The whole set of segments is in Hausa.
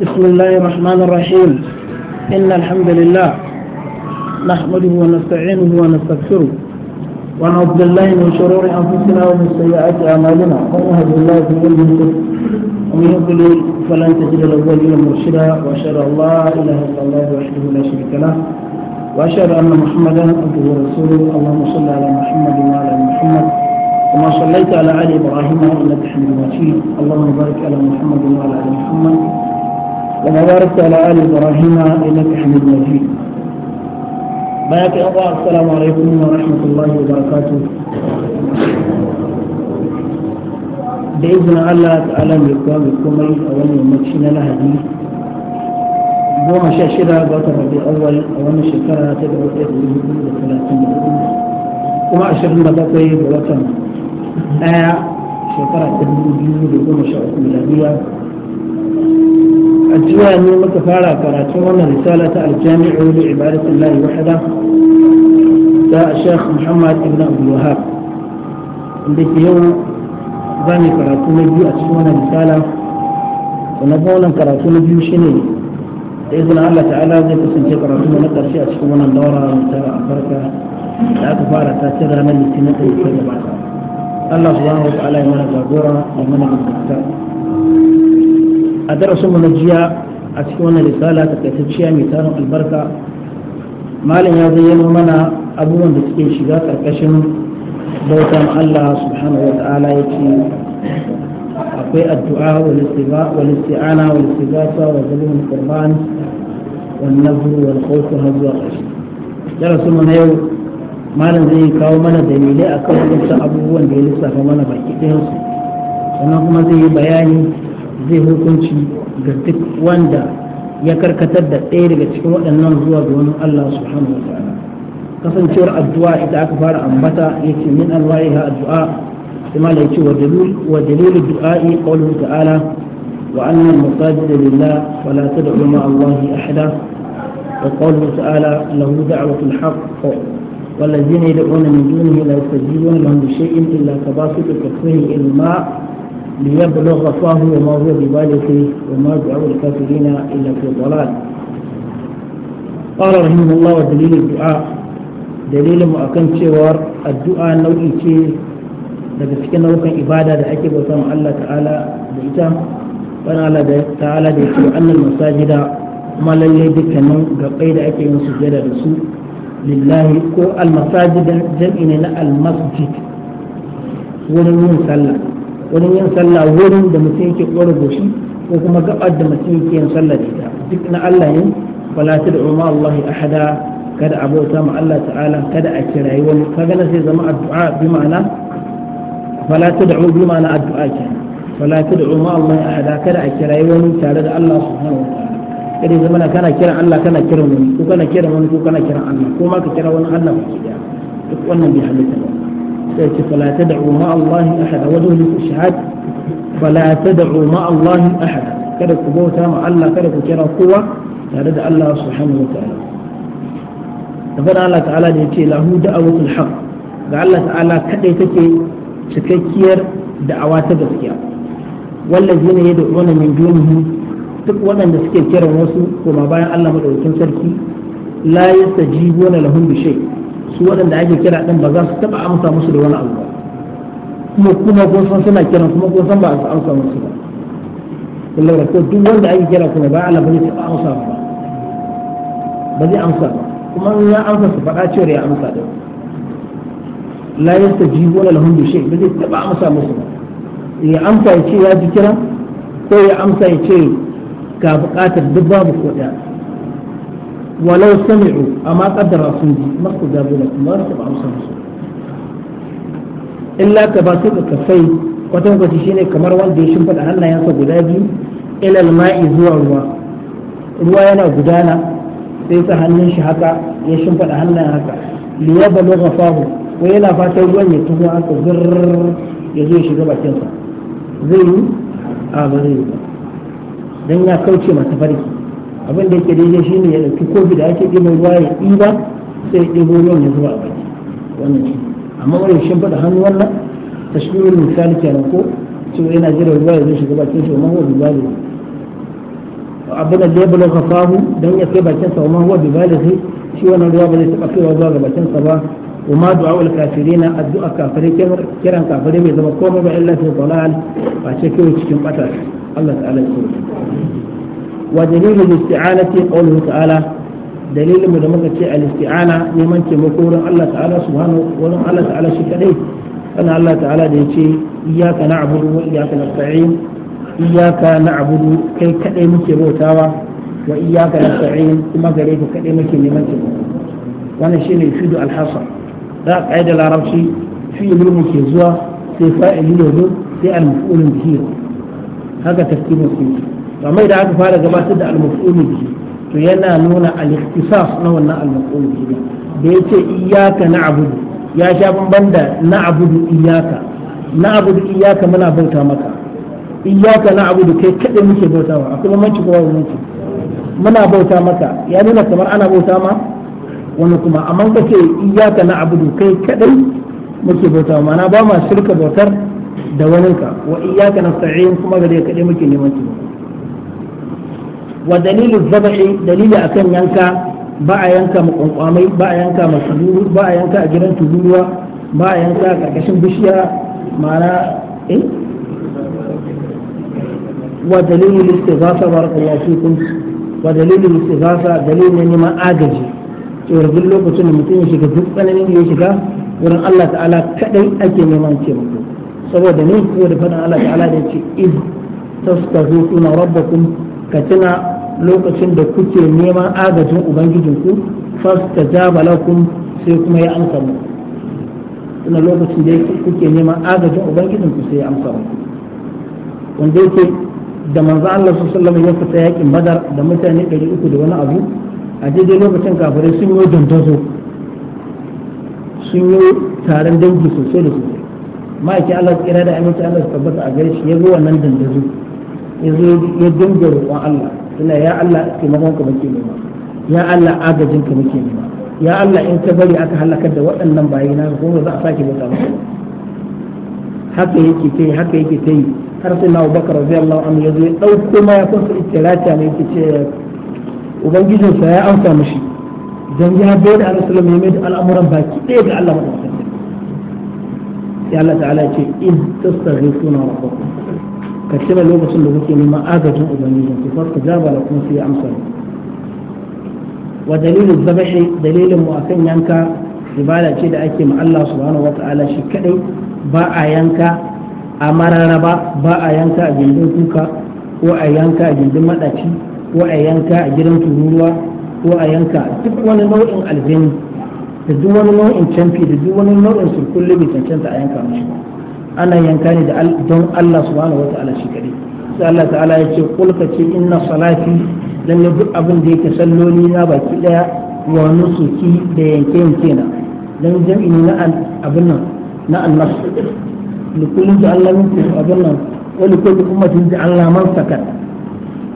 بسم الله الرحمن الرحيم إن الحمد لله نحمده ونستعينه ونستغفره ونعوذ بالله من شرور أنفسنا ومن سيئات أعمالنا من يهد الله فهو ومن يضلل فلن تجد له وليا مرشدا وأشهد أن لا إله إلا الله وحده لا شريك له وأشهد أن محمدا عبده ورسوله اللهم صل على محمد وعلى آل محمد كما صليت على آل إبراهيم إنك حميد مجيد اللهم بارك على محمد وعلى آل محمد كما باركت على آل إبراهيم إنك حميد مجيد ما الله السلام عليكم ورحمة الله وبركاته بإذن الله تعالى بإقوام الكمي أولا يمكشنا لها دي بوما شاشرة بوطة ربي أول أولا شكرا تدعو إذن الهدوء وثلاثين مدينة وما أشرنا بطي بوطة آه، آية شكرا تدعو إذن الهدوء وثلاثين مدينة أجيها أن مكفارة كراتون رسالة الجامع لعبادة الله وحده دا الشيخ محمد بن أبو الوهاب عندك يوم زاني كراتون بي أتشون رسالة ونبونا كراتون بي مشيني بإذن الله تعالى زي كسنتي كراتون نقر شيء أتشون الدورة بركة da aka fara ta ce ranar litinin da ya ke gabata يمنى subhanahu wa ta'ala a darasin mu na jiya a cikin wannan risala ta kaitacciya mai tarin albarka malam ya zayyano mana abubuwan da suke shiga karkashin bautan Allah subhanahu wa ta'ala ya ce akwai addu'a wal isti'ana wal istighatha wa zalumul qurban wal nazr wal khawf har zuwa darasin mu na yau malam zai kawo mana dalilai akan kan abubuwan da ya lissafa mana baki ɗayansu sannan kuma zai yi bayani zai hukunci ga duk wanda ya karkatar da ɗaya daga cikin waɗannan zuwa ga wani Allah subhanahu wa ta'ala kasancewar addu'a ita aka fara ambata yace min alwaiha addu'a kuma da yace wa dalil wa dalil du'a'i qawluhu ta'ala wa anna al-masajid lillah wa la tad'u ma Allah ahada wa qawluhu ta'ala lahu da'watu al-haqq والذين يدعون من دونه لا يستجيبون لهم بشيء إلا كباسط كفيه الماء ليبلغ فاه وما هو ببالغه وما دعاء الكافرين إلا في ضلال قال رحمه الله ودليل الدعاء دليل مؤكد شوار الدعاء نوعي شيء daga cikin nau'ukan ibada da ake bauta ma Allah ta'ala da ita wani Allah da ta'ala da yake annal masajida kuma lalle dukkanin gabai da ake yin sujada da su lillahi ko al masajida jam'i ne na al masjid wurin yin sallah wurin yin sallah wurin da mutum yake kore goshi ko kuma gabar da mutum yake yin sallah da ita duk na Allah yin fala tad'u ma Allah ahada kada abota ma Allah ta'ala kada a kirayi wani kaga na sai zama addu'a bi ma'ana fala tad'u bi ma'ana addu'a ke fala tad'u ma Allah ahada kada a kirayi wani tare da Allah subhanahu wa ta'ala kada zama na kana kiran Allah kana kira wani ko kana kira wani ko kana kiran Allah ko ma ka kira wani Allah ba ki duk wannan bi halitta ba sai fala ma Allah ahada wa dole ishhad fala tad'u ma Allah ahada kada ku bauta Allah kada ku kira kowa tare da Allah subhanahu wa ta'ala da fara Allah ta'ala da yace lahu da'awatul haqq ga Allah ta'ala kadai take cikakkiyar da'awa ta gaskiya wallazina yad'una min dunihi duk waɗanda suke kiran wasu koma bayan Allah maɗaukin sarki la yastajibuna lahum bi shay' su waɗanda ake kira ɗin ba za su taɓa amsa musu da wani abu kuma kuma kun san suna kiran kuma kun san ba su amsa musu ba kullum da duk wanda ake kira kuma ba Allah ba zai taɓa amsa ba ba zai amsa ba kuma in ya amsa su faɗa cewar ya amsa da la yastajibu wala lahum bi shay ba zai taɓa amsa musu ba ya amsa ya ce ya ji kira ko ya amsa ya ce ga buƙatar duk babu ko ɗaya walau sami'u amma kaddara sun ji masu gabo kuma su ba amsa musu illa ka ba su ka sai kwatan kwaci shine kamar wanda ya shimfida hannayensa guda biyu ilal ma'i zuwa ruwa ruwa yana gudana sai sa hannun shi haka ya shimfida hannayen haka liya balugha fahu ko yana fatan ruwan ya tuho haka ya zo ya shiga bakinsa zai yi ba ya kauce mata farki abin da yake daidai shi ne ya dauki kofi da ake ɗiban ruwa ya ɗiba sai ya ɗibo ruwan ya zuwa a baki wannan shi amma wani shin faɗa hannu wannan ta shi tashmirin misali kenan ko cewa yana jiran ruwa ya zai shiga bakin shi amma wani huwa bibali abin da ya bala kafahu dan ya kai bakin sa amma huwa bibali sai shi wannan ruwa ba zai taɓa kaiwa zuwa ga bakin sa ba وما دعاء الكافرين الدعاء كافرين كيران كافرين بيزما كوما بإلا في ضلال فأشكيه وشكيم قتل الله تعالى يقول ودليل الاستعانة قوله تعالى دليل من مكة الاستعانة لمن تمكور الله تعالى سبحانه ولم الله تعالى شكريه أنا الله تعالى ديتي إياك نعبد وإياك نستعين إياك نعبد كي كأي مكي بوتاوى وإياك نستعين كما قريب كأي مكي لمن تمكور وانا شيء يفيد الحصر لا قاعدة العربشي في المكي زوا سيفاء اليهود سيء المفعول به هذا تفكير مسلم amma idan aka fara gabatar da al-maf'ul bihi to yana nuna al-ikhtisas na wannan al-maf'ul bihi da yace iyyaka na'budu ya sha bamban da na'budu iyyaka na'budu iyyaka muna bauta maka iyyaka na'budu kai kada muke bautawa akwai bambanci ko babu bambanci muna bauta maka ya nuna kamar ana bauta ma wani kuma amma kace iyyaka na'budu kai kadai muke bauta ma'ana ba ma shirka bautar da waninka wa iyyaka nasta'in kuma gare kadai muke neman taimako wa dalilu zaba'i dalili akan yanka ba a yanka makonkwamai ba a yanka masu ba a yanka a gidan tururuwa ba a yanka a karkashin bishiya ma'ana eh wa dalilu istighatha barakallahu fikum wa dalilu istighatha dalilin neman agaji cewar lokacin da mutum ya shiga duk tsananin da ya shiga wurin Allah ta'ala kadai ake neman taimako saboda ne faɗin Allah ta'ala da ce lokacin da kuke neman agajin ubangijinku fasta jaba lakum sai kuma ya amsa mu ina lokacin da kuke neman agajin ubangijinku sai ya amsa mu wanda yake da manzo Allah sallallahu alaihi wasallam ya fita yakin badar da mutane 300 da wani abu a daidai lokacin kafirai sun yi dandazo sun yi taron dangi sosai da sosai ma'aiki Allah kira da aminci Allah su tabbata a gare shi ya zo wannan dandazo ya zo ya dinga roƙon Allah ina ya Allah taimakon ka muke nema ya Allah agajin ka muke nema ya Allah in ka bari aka halakar da waɗannan bayi na ko za a sake bauta haka yake tai haka yake tai har sai na Abubakar radiyallahu anhu ya zo ya dauko ma ya kunsa ittirata ne yake ce ubangijinsa ya amsa mishi dan ya bai da Annabi sallallahu alaihi wasallam al'amuran baki ɗaya ga Allah madaukakin sai Allah ta'ala ya ce in tastaghifuna rabbakum ka cire lokacin da kuke neman agajin ubangiji ku farka jaba da kuma sai amsa wa dalilin zabashi dalilin mu akan yanka ibada ce da ake ma Allah subhanahu wata'ala shi kadai ba a yanka a mararaba ba a yanka a gindin kuka ko a yanka a gindin madaci ko a yanka a gidan tururuwa ko a yanka duk wani nau'in aljini da duk wani nau'in canfi da duk wani nau'in surkulle bai cancanta a yanka mashi ba ana yanka ne don Allah subhanahu wa ta'ala shi kadai sai Allah ta'ala ya ce kul ka ce inna salati lalle duk abin da yake salloli na baki daya wa nusuki da yanke yanke na dan jami'i na abin nan na annas li kulli ja'alna minkum abin nan wa li kulli ummatin ja'alna man sakat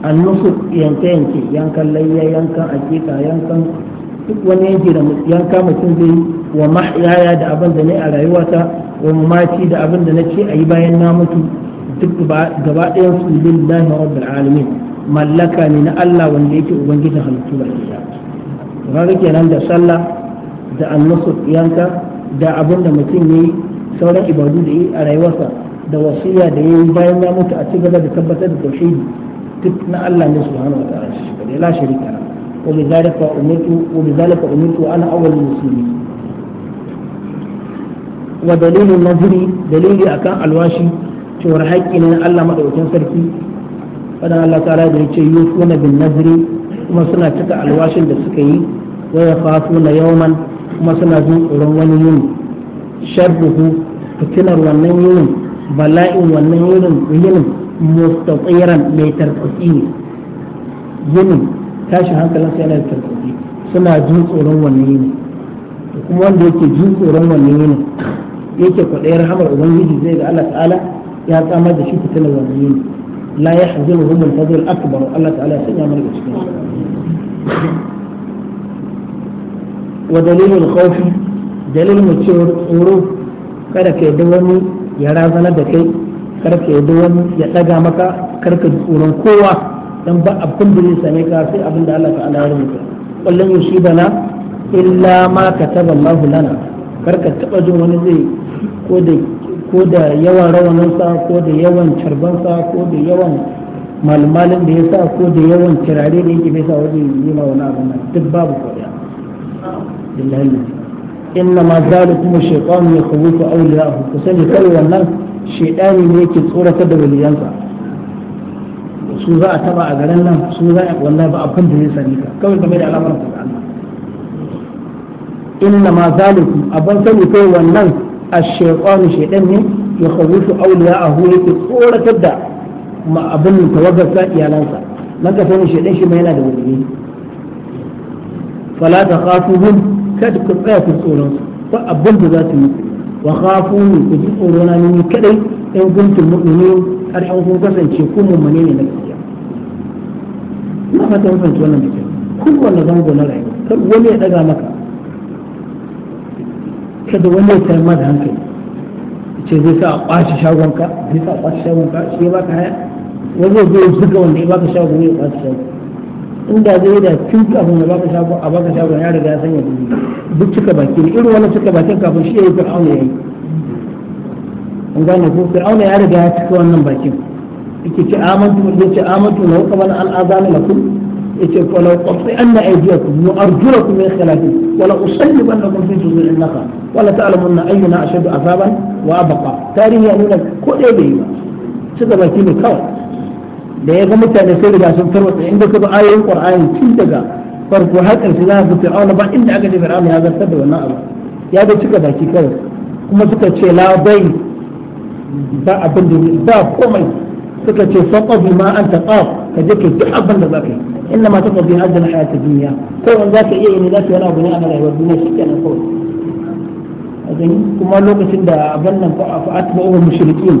annusuk yanke yanke yankan layya yankan akika yankan duk wani yanki da yanka mutum zai wa mahyaya da abin da ne a rayuwata wa mamaci da abin da na ce a yi bayan na mutu duk gaba ɗayan su lillahi rabbil alamin mallaka ne na Allah wanda yake ubangijin halittu ba ke kenan da sallah da annasu yanka da abin da mutum yayi sauran ibadu da yi a rayuwarsa da wasiya da yayi bayan ya mutu a ci gaba da tabbatar da tauhidi duk na Allah ne subhanahu wa ta'ala shi la sharika وبذلك أمرت وبذلك أمرت أنا أول المسلمين ودليل النظر دليل أكان الواشي cewar haƙƙi ne na Allah maɗaukakin sarki fadan Allah ta'ala da yace yufuna bin nazri kuma suna cika alwashin da suka yi wa na yawman kuma suna jin tsoron wani yini sharruhu fitinar wannan bala'in wannan yinin yinin mustaqiran mai tashin hankalin sai yana da tarkoki suna jin tsoron wannan ne da kuma wanda yake jin tsoron wannan ne yake kwaɗayi rahamar ubangiji zai ga Allah ta'ala ya samar da shi fitilar wannan yini la ya hazinu humul fadl akbar Allah ta'ala ya sanya mana cikin wa dalilul khawfi dalil mu tsoro kada ka yadda wani ya razana da kai kada ka yadda wani ya ɗaga maka karka tsoron kowa dan ba abin da zai same ka sai abin da Allah ta'ala ya rubuta kullun yusibana illa ma kataba Allah lana kar ka taba jin wani zai ko da ko da yawan rawaninsa ko da yawan carbansa ko da yawan malmalin da ya sa ko da yawan kirare da yake bai sa wajen yi ma wani abin nan duk babu koriya billahi inna ma zalikum shaytan yakhufu awliya'ahu kusani kai wannan shaytani ne yake tsoratar da waliyansa su za a taba a garin nan su za a wallahi ba abin da zai sani ka kawai game da al'amuran ku Allah inna ma zalikum abin sani kai wannan ash-shaytanu shaytan ne ya khawfu awliya'ahu yake tsoratar da ma abin tawaggarsa iyalansa nan ka sani shaytan shi ma yana da wuri fala takhafuhum kada ku tsaya ku tsoron su ba abin da za su yi wa khafuni ku ji tsoro na ni kadai in kuntum mu'minin har an kun kasance ku mu'mini ne na gaskiya ina fata mun fahimci wannan dake kowanne zango na rayuwa kar wani ya daga maka kada wani ya tayar da hankali ce zai sa a kwace shagonka zai sa a kwace shagonka shi ya baka haya wani zai zo zuga wanda ya baka shagon ya kwashe shagon in da zai da tun kafin a baka shago a baka shago ya riga ya sanya dubi duk cika baki ne irin wani cika bakin kafin shi yayi fir'auna yayi an gane ko fir'auna ya riga ya cika wannan bakin yake ce amantu yace amantu wa qabala al-azan lakum yace wala qatti anna aydiyakum wa arjulakum min khilaf wala usallibannakum fi juzur an-nakhal wala ta'lamunna ayyuna ashaddu azaban wa abqa tarihi ya nuna ko dai bai ba cika baki ne kawai da ya ga mutane sai riga sun tarwatsa inda suka ayoyin qur'ani tun daga farko har ƙarshe za ga fir'auna ba inda aka ji fir'auna ya zartar da wannan abu ya ga cika baki kawai kuma suka ce la bai ba abin da ba komai suka ce faqabi ma anta qaf ka je kai duk abin da zaka yi inna ma taqabi hadda hayata dunya kai wanda zaka iya yi ne zaka yana abu ne a rayuwar duniya shikenan kawai kuma lokacin da abin nan ko fa'atba'u mushrikin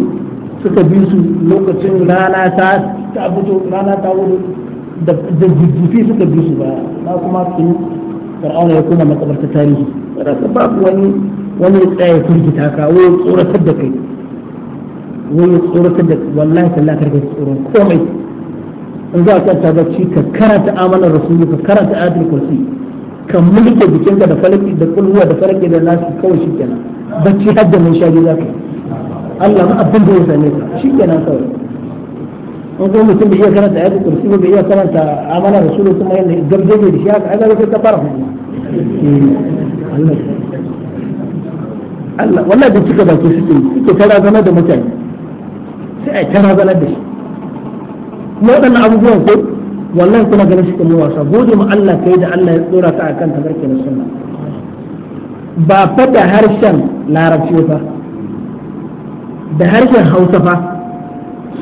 suka bi su lokacin rana ta ta fito rana ta wuri da jijjifi suka bi su ba na kuma su fir'auna ya koma makabarta tarihi rasa babu wani wani tsaye firgita ka wai tsoratar da kai wani tsoratar da wallahi tallahi da tsoron komai in za ka ta bacci ka karanta amanar rasulu ka karanta adil kursi ka mulke jikinka da falaki da kulwa da falaki da nasu kawai shi kenan bacci har da mun za ka yi Allah ma abin da ya same ka shi kenan kawai in ko mutum bai iya karanta ayatul kursi ba bai iya karanta amana rasulu kuma yanda gabje da shi haka aga sai ka fara hudu Allah wallahi da kika baki suke suke tara zama da mutane sai a tara zama da shi kuma waɗannan abubuwan ko wallahi kuna ganin shi kuma wasa gode ma Allah kai da Allah ya tsora ka akan tabarkin sunna ba fada harshen larabci ba da harshen hausa fa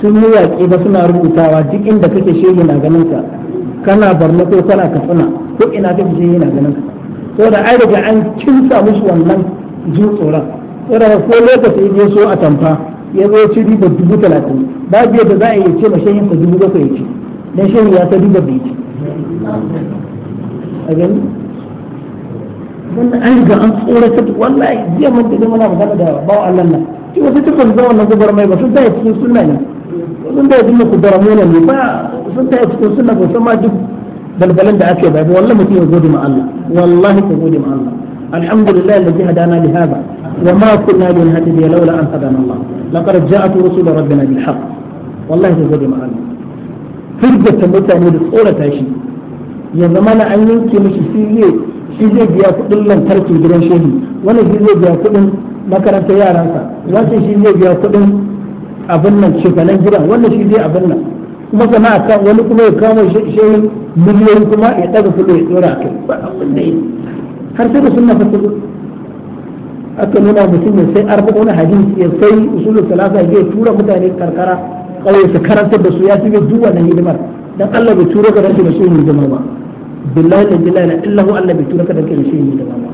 sun yi yaƙi ba suna rubutawa duk inda kake shege na ganin ka kana barna ko kana katsina ko ina kake shege na ganin ka da ai daga an kinsa musu wannan jin tsoron da ko lokaci ya so a tamfa ya zo ci riba dubu talatin biyar da za a yi ce ma shehin ka dubu bakwai ya ci dan shehin ya ta riba bai ci a gani wannan an riga an tsoratar wallahi zai mun da muna magana da bawa Allah nan كيف تقول زمان ما قبر ما يبغى شو تعرف تقول سنة يعني وزن تعرف إنه قدر مولا لي ما وزن تعرف تقول سنة بس ما جب بل بل أنت عكيب والله ما فيه وجود مع الله والله وجود مع الله الحمد لله الذي هدانا لهذا وما كنا لنهتدي لولا أن هدانا الله لقد جاءت رسول ربنا بالحق والله وجود مع الله في الجنة مثلا من الأولى تعيش يا زمان عينك مش في ليه في ليه يا كل من ترك الجنة شيء ولا في ليه يا كل makarantar yaransa wancan shi zai biya kuɗin abin nan shekalan gidan wannan shi zai abin nan kuma a kan wani kuma ya kama shehin miliyoyi kuma ya daga kuɗi ya ɗora kai ba abin da yi har sai da sunna ta kuɗi aka nuna mutum ya sai arba wani hadisi ya sai usulul salasa ya tura mutane karkara kawai su karantar da su ya fi duk wannan hidimar dan Allah bai tura ka da shi da shi hidimar ba billahi la ilaha illa Allah bai tura ka da shi da shi hidimar ba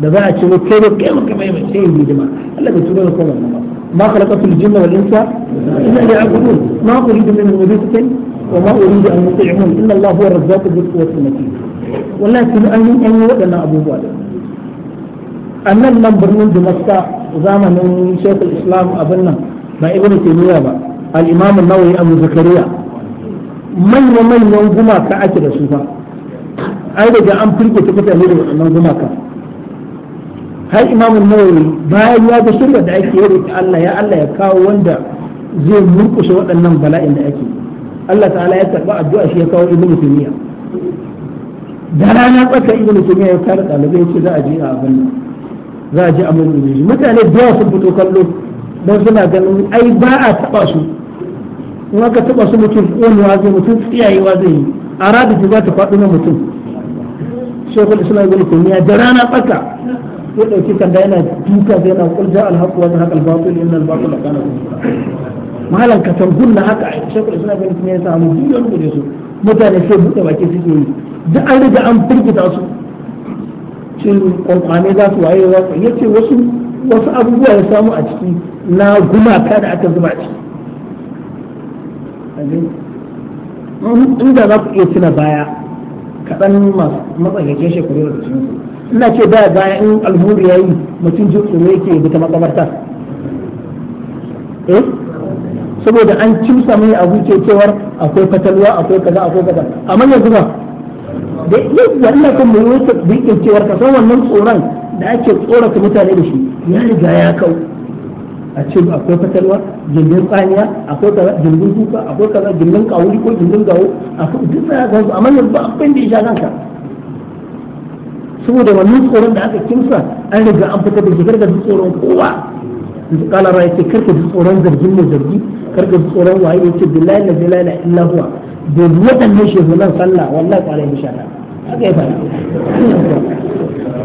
da za a ce mu kai ba kai ba kai mai sai yi hidima Allah ka tura ko wannan ma khalaqatul jinna wal insa illa liya'budun ma uridu minhum rizqan wa ma uridu an yut'imun inna Allah huwa ar-razzaqu dhul quwwati matin wallahi kun an yi an yi waɗannan abubuwa da annan nan birnin Damascus zamanin Sheikh Islam abin nan ba Ibn Taymiyyah ba al-Imam an-Nawawi Abu Zakariya manyan manyan ka ake da su ba ai daga an firke ta mutane da waɗannan gumaka har imamun nawawi bayan ya ga shirya da ake yi Allah ya Allah ya kawo wanda zai murkushe waɗannan bala'in da ake Allah ta'ala ya karɓa addu'a shi ya kawo ibnu taymiya da rana tsaka ibnu taymiya ya kare ɗalibai ce za a je a abin nan za a je a mulki mutane da yawa sun fito kallo don suna ganin ai ba a taɓa su in aka taɓa su mutum ƙonewa zai mutum tsiyayewa zai yi a radu za ta faɗi na mutum shekul islam ibnu taymiya da rana tsaka ya dauki sanda yana duka sai yana kulja alhaqu wa zahaqal batil innal batila kana zahura malan ka tangun na haka ai shekul suna bin ne ya samu duniyar mu da su mutane sai buɗe baki suke yi da an riga an firgita su cin kwankwame za su waye za su yace wasu wasu abubuwa ya samu a ciki na gumaka da aka zuba ciki inda za ku iya tuna baya kaɗan masu matsakaicin shekaru da cikin su ina ce da bayan in almuru yayi mutum ji tsoro yake da ta makabarta eh saboda an cimsa mai a huce cewar akwai fatalwa akwai kaza akwai kaza amma yanzu ba da yadda Allah kan mu yake bikin cewar ka san wannan tsoron da ake tsorata mutane da shi ya riga ya kau a ce akwai fatalwa jirgin tsaniya akwai kaza jirgin duka akwai kaza jirgin kawuri ko jirgin gawo akwai duk sai ka amma yanzu ba abin da ya sha kanka saboda wannan tsoron da aka kimsa an riga an fita da shigar da tsoron kowa yanzu kala ra yace karka ji tsoron zargin mai zargi karka ji tsoron waye yace billahi la ilaha illa huwa da wadannan shehunan sallah wallahi ta alaihi shada haka ya fada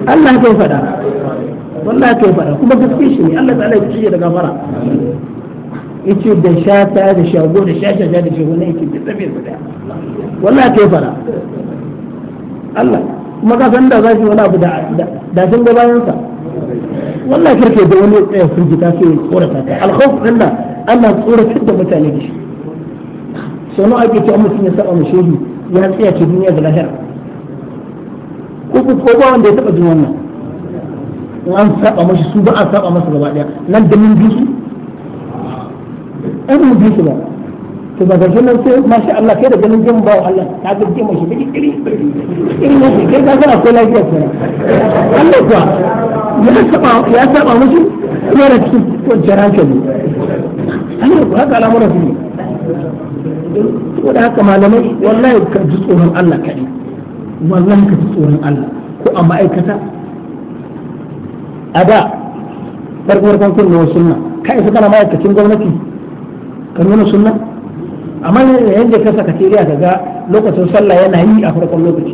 Allah haka ya fada wallahi haka ya fada kuma gaskiya shi ne Allah ta alaihi shi da gafara yace da shata da shago da shasha da shehunan yake da tsabe su da wallahi haka ya fada Allah kuma ka san da za shi wani abu da da sun bayan sa wallahi karke da wani tsaya firgita sai ya tsorata ka alkhawf Allah Allah tsoratar da mutane da shi sau nawa ake cewa mutum ya saba mu shehi ya tsaya ce duniya da lahira uku ko ba wanda ya taba jin wannan in an saba mashi su ba a saba masa gaba daya nan da mun bi su an mun bi su ba to daga nan sai masha Allah kai da ganin jin ba Allah ta ga jin mai shi kiri kiri irin ne kai ka san akwai lafiya ce Allah kuwa ya saba ya saba musu kuma da cikin kwanciyar hankali Allah kuwa haka al'amuran su ne ko da haka malamai wallahi ka ji tsoron Allah kaɗai wallahi ka ji tsoron Allah ko a ma'aikata a da farkon farkon kunna sunna kai su kana ma'aikacin gwamnati ka nuna sunna amma ne yadda ka saka tiriya ga ga lokacin sallah yana yi a farkon lokaci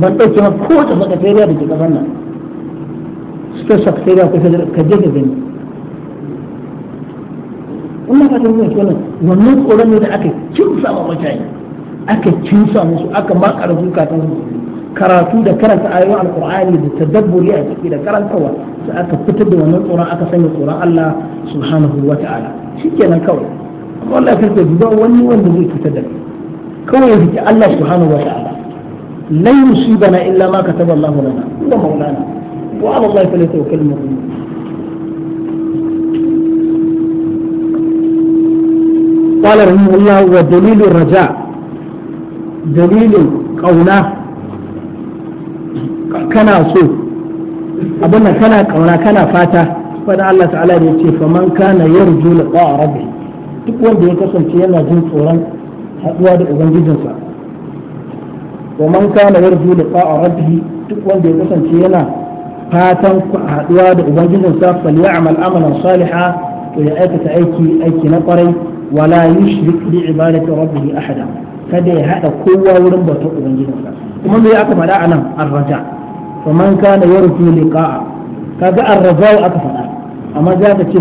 ban ɗauke ma ta sakatariya da ke ƙasar nan saka sakatariya ko ka je ka gani wannan ka tafiya ke nan wannan tsoron ne da aka kinsa ma mutane aka kinsa musu aka makara ta su karatu da karanta ayoyin alkur'ani da tadabbur ya ciki da karantawa sai aka fitar da wannan tsoron aka sanya tsoron Allah subhanahu wa ta'ala shikenan kawai amma ya kake duba wani wanda zai fitar da kawai ya fiti Allah subhanahu wa ta'ala lan yusibana illa ma kataba Allah lana huwa maulana wa ala Allah fa tawakkal mu'minun qala rahimahullah wa dalilur raja dalilul qawla kana so abin nan kana kauna kana fata fada Allah ta'ala ne fa man kana yarju liqa rabbi duk wanda ya kasance yana jin tsoron haduwa da ubangijinsa man kana yarju liqa rabbi duk wanda ya kasance yana fatan haduwa da ubangijinsa falyamal amalan salihan to ya aikata aiki aiki na kwarai wala yushrik bi ibadati rabbih ahada kada ya hada kowa wurin bautar ubangijinsa kuma me aka faɗa anan arraja wa na kana yarju liqa'a kaga ar-raja'u aka faɗa amma za ka ce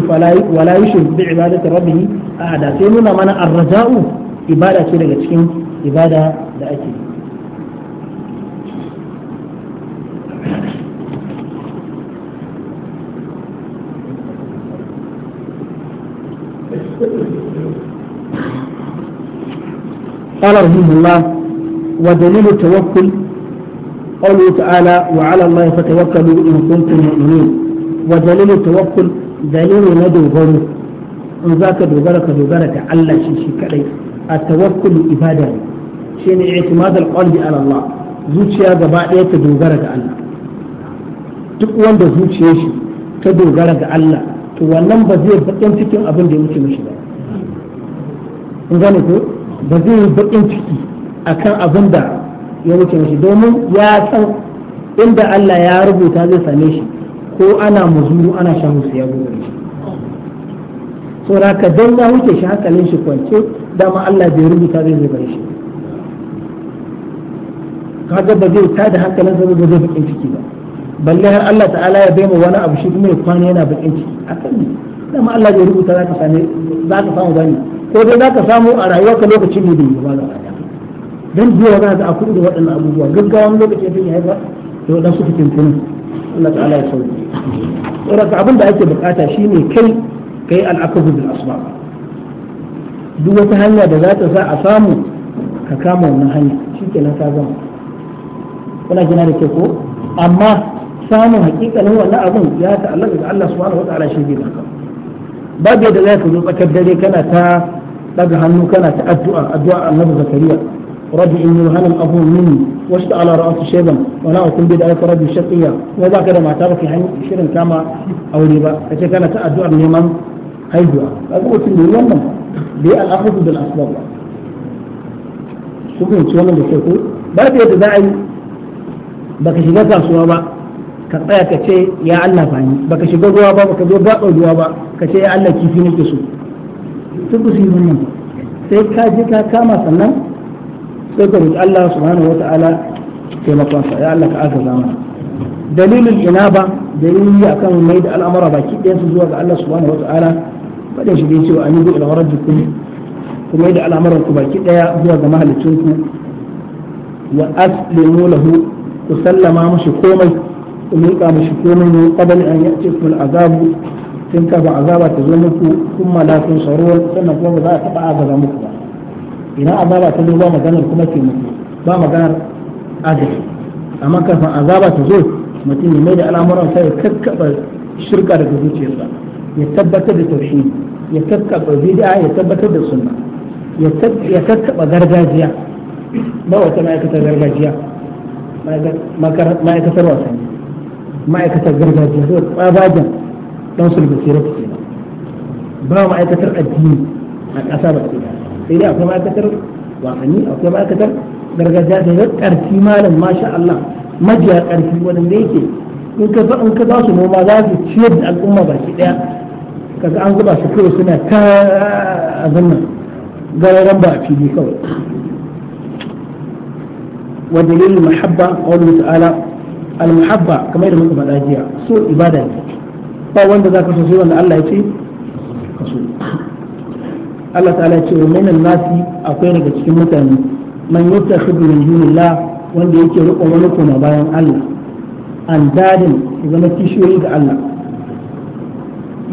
wala yushrik bi ibadati rabbih ahada sai nuna mana ar daga cikin ibada da ake قال رحمه الله ودليل التوكل قوله تعالى وعلى الله فتوكلوا إن كنتم مؤمنين ودليل التوكل دليل ندوغر إن ذاك دوغرك دوغرك على شيء التوكل إبادة شيء اعتماد القلب على الله zuciya gaba ɗaya ta dogara ga Allah duk wanda zuciyar shi ta dogara ga Allah to wannan ba zai baƙin cikin abin da ya wuce mishi ba in gane ko ba zai yi baƙin ciki akan abin da ya wuce mashi domin ya san inda Allah ya rubuta zai same shi ko ana muzuru ana shan musu ya gudu shi saboda ka dan ya wuce shi hankalin shi kwance dama Allah bai rubuta zai zubar shi kaga ba zai ta da hankalin sa ba zai bakin ciki ba balle har Allah ta'ala ya bai mu wani abu shi kuma ya kwana yana bakin ciki akan ne dama Allah bai rubuta za ka same za ka samu bane ko dai za ka samu a rayuwarka lokacin ne bai yi ba za ka dan biyo za a aku da waɗannan abubuwa gaggawa wani lokaci idan ya haifa da waɗansu fitin kunin Allah ta'ala ya sauke saboda abin da ake bukata shine kai kai al'akabu bil asbab duk wata hanya da za ta sa a samu ka kama wannan hanya shikenan ka gama kuna gina da ke ko amma samun hakikalin wannan abun ya ta'allaka ga Allah subhanahu wataala shi ne baka babu yadda za ka zo tsakar dare kana ta daga hannu kana ta addu'a addu'a annabi zakariya رب إني وهنا الأظم مني واشت على رأس شيبا ولا أكون بدعة رب شقيا وذا كده ما تعرف يعني شيرن كما أو ربا كتير كانت أدعى نيمان هيدعى أقول تني يوم بالأخذ بالأسباب شو بنت وانا بسيطه بعد يتدعي baka shiga kasuwa ba ka tsaya ka ce ya Allah fani baka shiga ruwa ba baka zo gaɓar ruwa ba ka ce ya Allah kifi nake so duk su yi wannan sai ka je ka kama sannan sai ka roki Allah subhanahu wataala taimakon sa ya Allah ka aka zama dalilin ina inaba dalili akan mai da al'amura baki ɗayan su zuwa ga Allah subhanahu wataala fadin shi dai cewa an yi ila rabbikum kuma da al'amura ku baki ɗaya zuwa ga mahalicin ku wa aslimu lahu ku sallama mushi komai ku miƙa mushi komai ne qabl an ya'tikum al'azabu tun kafa azaba ta zo muku kuma la tunsarun sannan kuma ba za a taɓa azaba muku ba idan azaba ta zo ba maganar kuma ke mutu ba maganar agaji amma kafin azaba ta zo mutum ya mai da al'amuran sai ya kakkaba shirka daga zuciyarsa ya tabbatar da tauhidi ya kakkaba bid'a ya tabbatar da sunna ya kakkaba gargajiya ba wata ma'aikatar gargajiya ma'aikatar wasanni ma'aikatar gargajiya sai tsabagen dan sulhu sai ba ma'aikatar addini a ƙasa ba ta sai dai akwai ma'aikatar wasanni akwai ma'aikatar gargajiya da ya ƙarfi malam masha Allah majiya ƙarfi wanda yake in ka in ka ba su noma za su ciyar da al'umma baki daya kaga an zuba su kawai suna ta abin nan gararan ba a fili kawai wa dalilin mahabba qawlu ta'ala al-muhabba kamar da muka faɗa jiya so ibada ne ba wanda zaka so sai wanda Allah ya ce ka so Allah ta'ala ce wa minan nasi akwai daga cikin mutane man yadda yattakhidhu min dunillah wanda yake riƙon wani kuma bayan Allah an dadin zama kishiyoyi ga Allah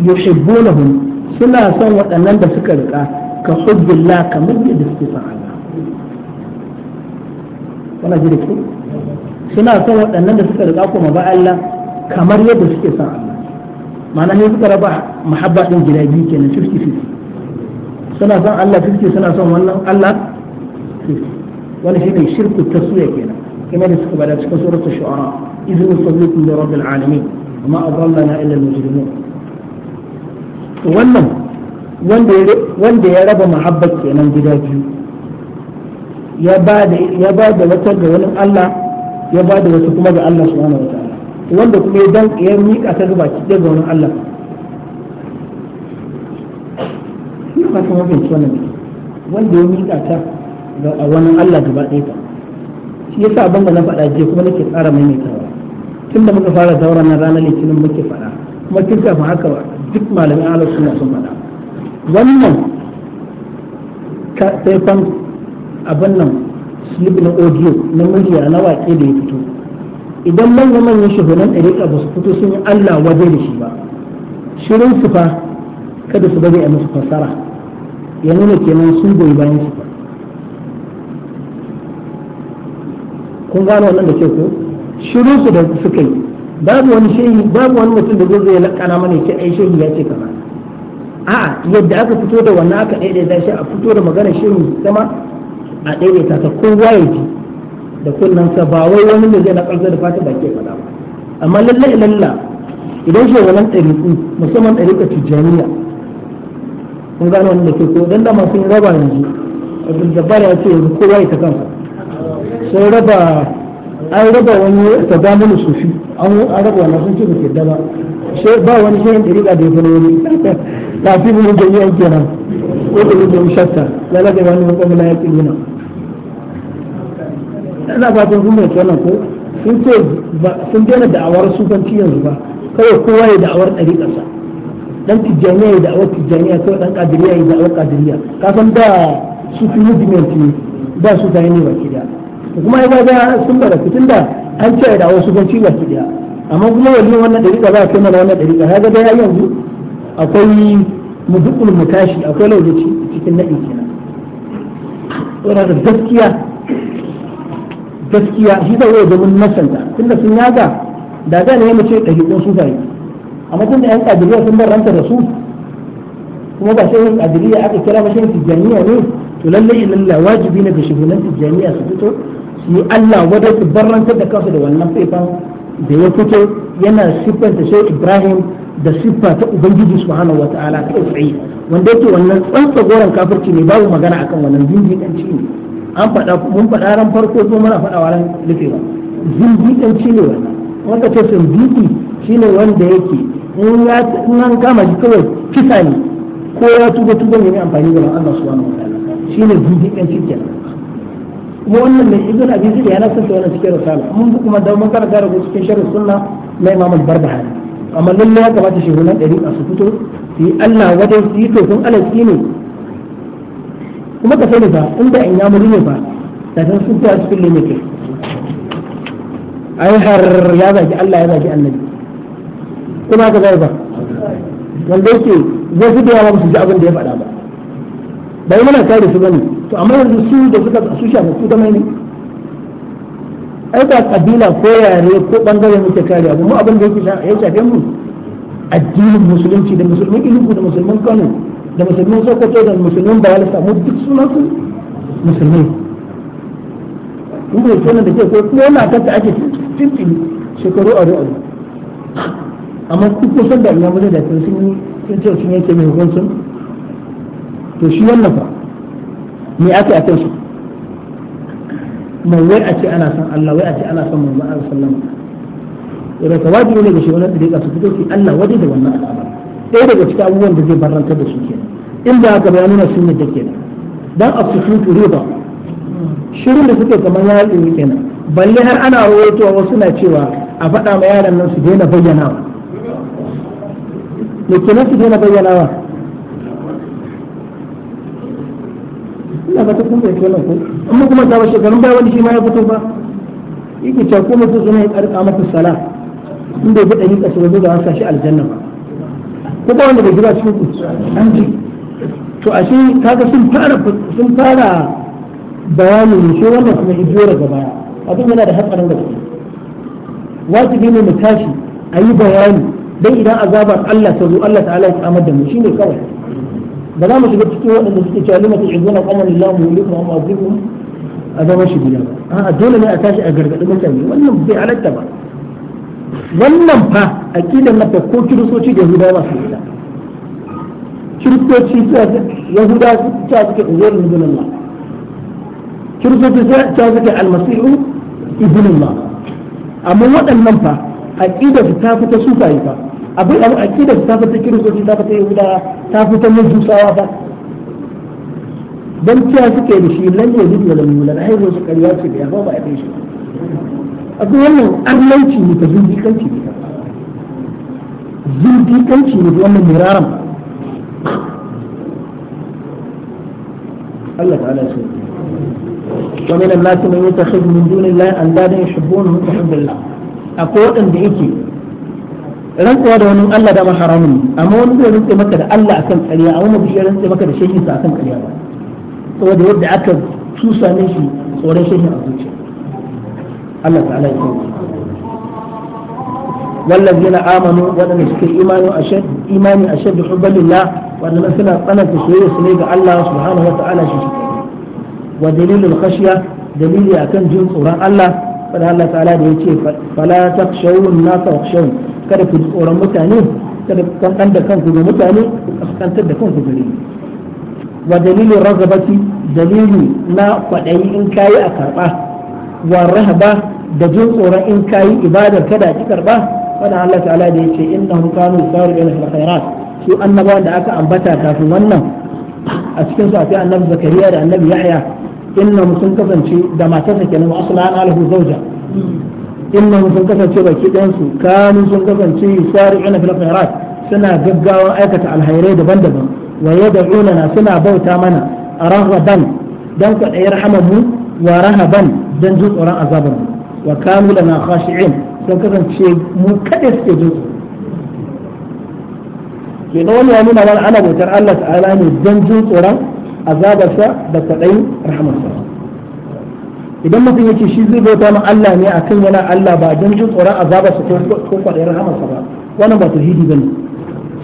ya yuhibbunahum suna son waɗannan da suka rika ka hubbillah kamar yadda suke son Allah wannan ji da suna son waɗannan da suka rika kuma ba Allah kamar yadda suke son Allah ma'ana ne suka raba mahabba din gida biyu kenan 50 suna son Allah suke suna son wannan Allah wani shi ne shirku taswiya kenan kamar da suka bada cikin suratul shu'ara idh nusabbitu li rabbil alamin amma na illa al-mujrimun wannan wanda ya wanda ya raba mahabbat kenan gida biyu ya ba da ya ba da wata ga wani Allah ya ba da wata kuma ga Allah subhanahu wataala wanda kuma ya dan ya mika ta ga baki ga wani Allah fatan wani fahimci ne wanda ya miƙa ta ga a wani Allah gaba ɗaya ta shi sa abin da na faɗa jiya kuma nake tsara maimaitawa tun da muka fara zauren na ranar litinin muke faɗa kuma tun kafin haka duk malamin Allah suna sun faɗa wannan sai fan abin nan slip na audio na murya na waƙe da ya fito idan manya-manyan shugaban ɗariƙa ba su fito sun yi Allah waje da shi ba shirin su fa kada su bari a musu fasara ya nuna kenan sun goyi bayan shi kun gano wannan da ke ko shirin su da suka yi babu wani shehi babu wani mutum da zai lakana mana ce ai shehi ya ce kaza a yadda aka fito da wannan aka da shi a fito da magana shehi sama a daidaita ta kowa ya ji da sa ba wai wani da zai na da fata ba ke faɗa ba amma lallai lalla idan shi wannan ɗariƙu musamman ɗariƙar tijjaniya kun gane wanda ke ko dan da masu raba yanzu abin da bari ya ce yanzu kowa ya ta kansa sai raba an raba wani ta damulu sufi an raba wani sun ce ba ke daba sai ba wani yin dariƙa da ya fara wani tafi mun da yayin kera ko da yake shatta ya la da wani mutum la yake ina fatan sun mai ce ko sun ce sun daina da'awar sufanci yanzu ba kawai kowa ya da'awar dariƙarsa dan tijjaniya ya da'awar tijjaniya ko dan kadiriya ya da'awar kadiriya ka san da su fi movement ba su zai ne baki daya kuma ya bada sun bada fitin da an ce ya da'awar su ganci baki daya amma kuma wani wannan dariƙa za a kai mana wannan dariƙa gada ya yanzu akwai mudukul mutashi akwai laujaci cikin naɗi kenan tsora da gaskiya gaskiya shi zai yi domin masanta tunda sun yaga da gane ya mace ɗariƙun sufaye amma tun da yan kadiriya sun bar ranta da su kuma ba shehin kadiriya aka kira ba shehin tijjaniya ne to lallai ilalla wajibi na ga shehunan tijjaniya su fito su yi Allah wadda su barrantar da kansu da wannan faifan da ya fito yana ta shehu Ibrahim da siffa ta Ubangiji subhanahu wa ta'ala ta tsaye wanda yake wannan tsantsa goron kafirci ne babu magana akan wannan zindiƙanci ne an faɗa mun faɗa ran farko ko muna faɗa ran lufewa zindiƙanci ne wannan wanda ce sun sindiki shine wanda yake in ya nan kama shi kawai kisa ne ko ya tuba tuba ne amfani da Allah subhanahu wa ta'ala shine bidiyan cikin kuma wannan mai ibn abi da wannan cikin risala mun kuma da mun karanta da cikin sunna na imam al amma lalle ya kamata a su fito yi Allah wajen su yi ne kuma ka sani ba inda in ya muri ne ba da san su ta cikin limitin ai har ya zaki Allah ya zaki annabi kuma ka zai ba wanda yake zai fi da yawa su ji abin da ya faɗa ba ba yi mana kare su bane to amma yanzu su da suka su shafa su zama ne ai ba kabila ko yare ko bangare muke kare abu mu abin da ya shafe mu addinin musulunci da musulmin ilugu da musulmin kano da musulmin sokoto da musulmin bayelsa mu duk su su musulmi in da ke da ke ko kuma yana kanta ake fimfini shekaru a ru'aru amma ku kusan da ya mutu da sun yi sun ce sun yake mai hukuncin to shi wannan fa me ake a kan su mai wai a ce ana son Allah wai a ce ana son manzo sallallahu alaihi wasallam wajibi ne ga shi wannan dariƙa su fito ki Allah waje da wannan al'amari ɗaya daga cikin abubuwan da zai barantar da su ke kenan inda aka na nuna sunnar da dan as-sukutu riba shirin da suke kamar ya yi kenan balle har ana rawaito wasu na cewa a faɗa ma yaran nan su daina bayyana me kenan su daina bayyanawa ina ba kuma ya kenan ko amma kuma ta shekarun ba wani shi ya fito ba yake ta kuma su suna yin mata sala inda ya ɗari ƙasa wazo wasa shi aljanna ba wanda bai gida cikin ku an ji to ashe kaga sun fara sun fara bayanin shi wannan kuma hijiyo daga baya abin yana da hatsarin gaske wajibi ne mu tashi a yi bayani dai idan azabar Allah ta zo Allah ta'ala ya tsamar da mu shine kawai ba za mu shiga cikin waɗanda suke cewa limatu izuna qamar lillahi mulikum amma azikum azabar shi biya a dole ne a tashi a gargaɗi mutane wannan bai halatta ba wannan fa aqidar mata ko kiristoci da yahudawa su yi kiristoci yahudawa ta suke uzur min Allah kiristoci ta suke almasihu ibn Allah amma waɗannan fa aqidar ta fita su fa abin abu aqidar ta fita kiristoci ta fita yahuda ta fita mujusawa ba dan cewa suke da shi lan ya zuwa da mulan haihuwa su kariya ce da yafa ba a kai shi akwai wannan arnanci ne ta zindikanci ne zindikanci ne wannan miraran Allah ta'ala shi ومن الناس من يتخذ من دون الله أندادا يحبونهم كحب الله أقول أن يجي rantsuwa da wani Allah da haramun amma wani zai rantsa maka da Allah akan kariya a wani bishiyar rantsa maka da shehin sa akan kariya ba saboda yadda aka tusa ne shi tsoron shehin a zuciya Allah ta'ala ya kawo والذين آمنوا وأن سكر إيمان أشد إيمان أشد حبا لله وأن مثلا قناة سوية سنيق الله سبحانه وتعالى شيء ودليل الخشية دليل أكن جن قرآن الله فلا الله تعالى بيتي فلا تخشوا الناس واخشون kada ku tsoron mutane kada ku kankan da kanku ga mutane ku kaskantar da kanku gare wa dalilin dalili na kwaɗayi in kayi a karɓa wa rahaba da jin tsoron in kayi ibadar kada ki karɓa wannan Allah ta'ala da yace innahum kanu saru ila khairat su annabawan da aka ambata kafin wannan a cikin su akwai annabi zakariya da annabi yahya innahum sun kasance da matarsa kenan wa aslan alahu zawja innahum sun kasance baki ɗayan su sun kasance yusari'una fil khairat suna gaggawa aikata alhairai daban-daban wa yad'una suna bauta mana rahaban dan kwaɗayi rahamar mu wa rahaban dan jin tsoron azabar mu wa kanu lana khashi'in sun kasance mu kada suke jin tsoro ke da wani ya nuna mana ana bautar Allah ta'ala dan jin tsoron azabarsa da kwaɗayin rahamarsa idan mutum yake shi zai bauta ma Allah ne akan yana Allah ba don jin tsoron azabarsa ko kwaɗayar rahamarsa ba wannan ba tauhidi bane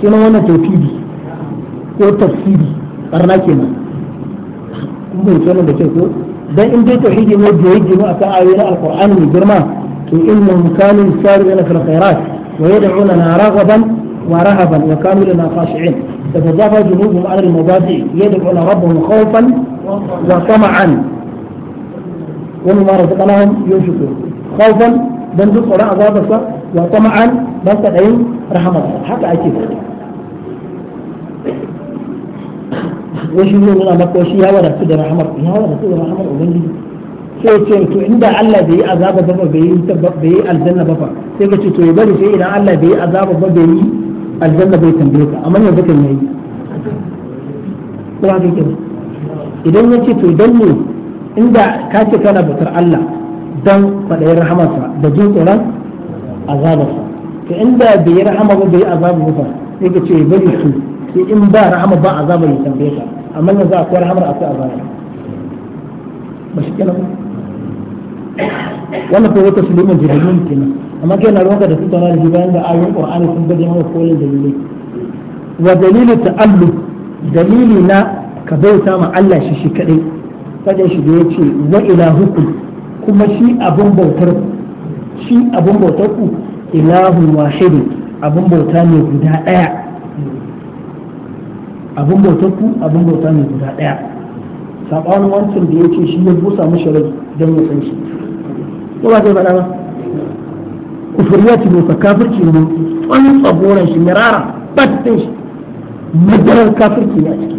sunan wannan tauhidi ko tafsiri barna kenan kun bai tsoron da ke ko dan in dai tauhidi ne da yake mu akan ayoyin alqur'ani mai girma to in innahum kanu yusari'una fil khairat wa yad'una raghaban wa rahaban wa kanu lana khashi'in تتجافى جنوبهم عن المضاجع يدعون ربهم خوفا وطمعا ومما رزقناهم ينفقون خوفا دن دوس ولا عذاب الله وطمعا بس دين رحمة الله حتى أكيد وشي يقول أنا بقوشي يا ولد سيد رحمة الله يا ولد سيد رحمة الله وبنجي سيتشير تو عند الله بي عذاب الله بي بي الجنة بفا سيتشير تو يبالي في إلى الله بي عذاب الله بي الجنة بي تنبيك أما يبكي الميت ما في كده إذا نجي تو دنيو inda ka ce kana bautar Allah dan kwaɗayin rahamarsa da jin tsoron azabarsa to inda bai yi rahama ba bai yi azaba ba sai ka ce bari su sai in ba rahama ba azabar ya tambaye ka amma yanzu akwai rahamar akwai azaba ba shi kenan wannan ko wata sulimin jirgin kenan amma kai na ruwanka da su tana da bayan da ayoyin qur'ani sun gaje mana koyon dalilai wa dalilu ta'allu dalili na ka bauta ma Allah shi shi kadai fadin shi da ya ce wa ilahukum kuma shi abin bautar shi abin bautar ku ilahun wahidun abin bauta ne guda daya abin bautar ku abin bauta ne guda daya sabanin wancan da ya ce shi ya busa mashi rai don ya san shi ko ba zai faɗa ba kufuriyati ne fa kafirci ne tsanin tsaboran shi mirara battin shi madarar kafirci ne a ciki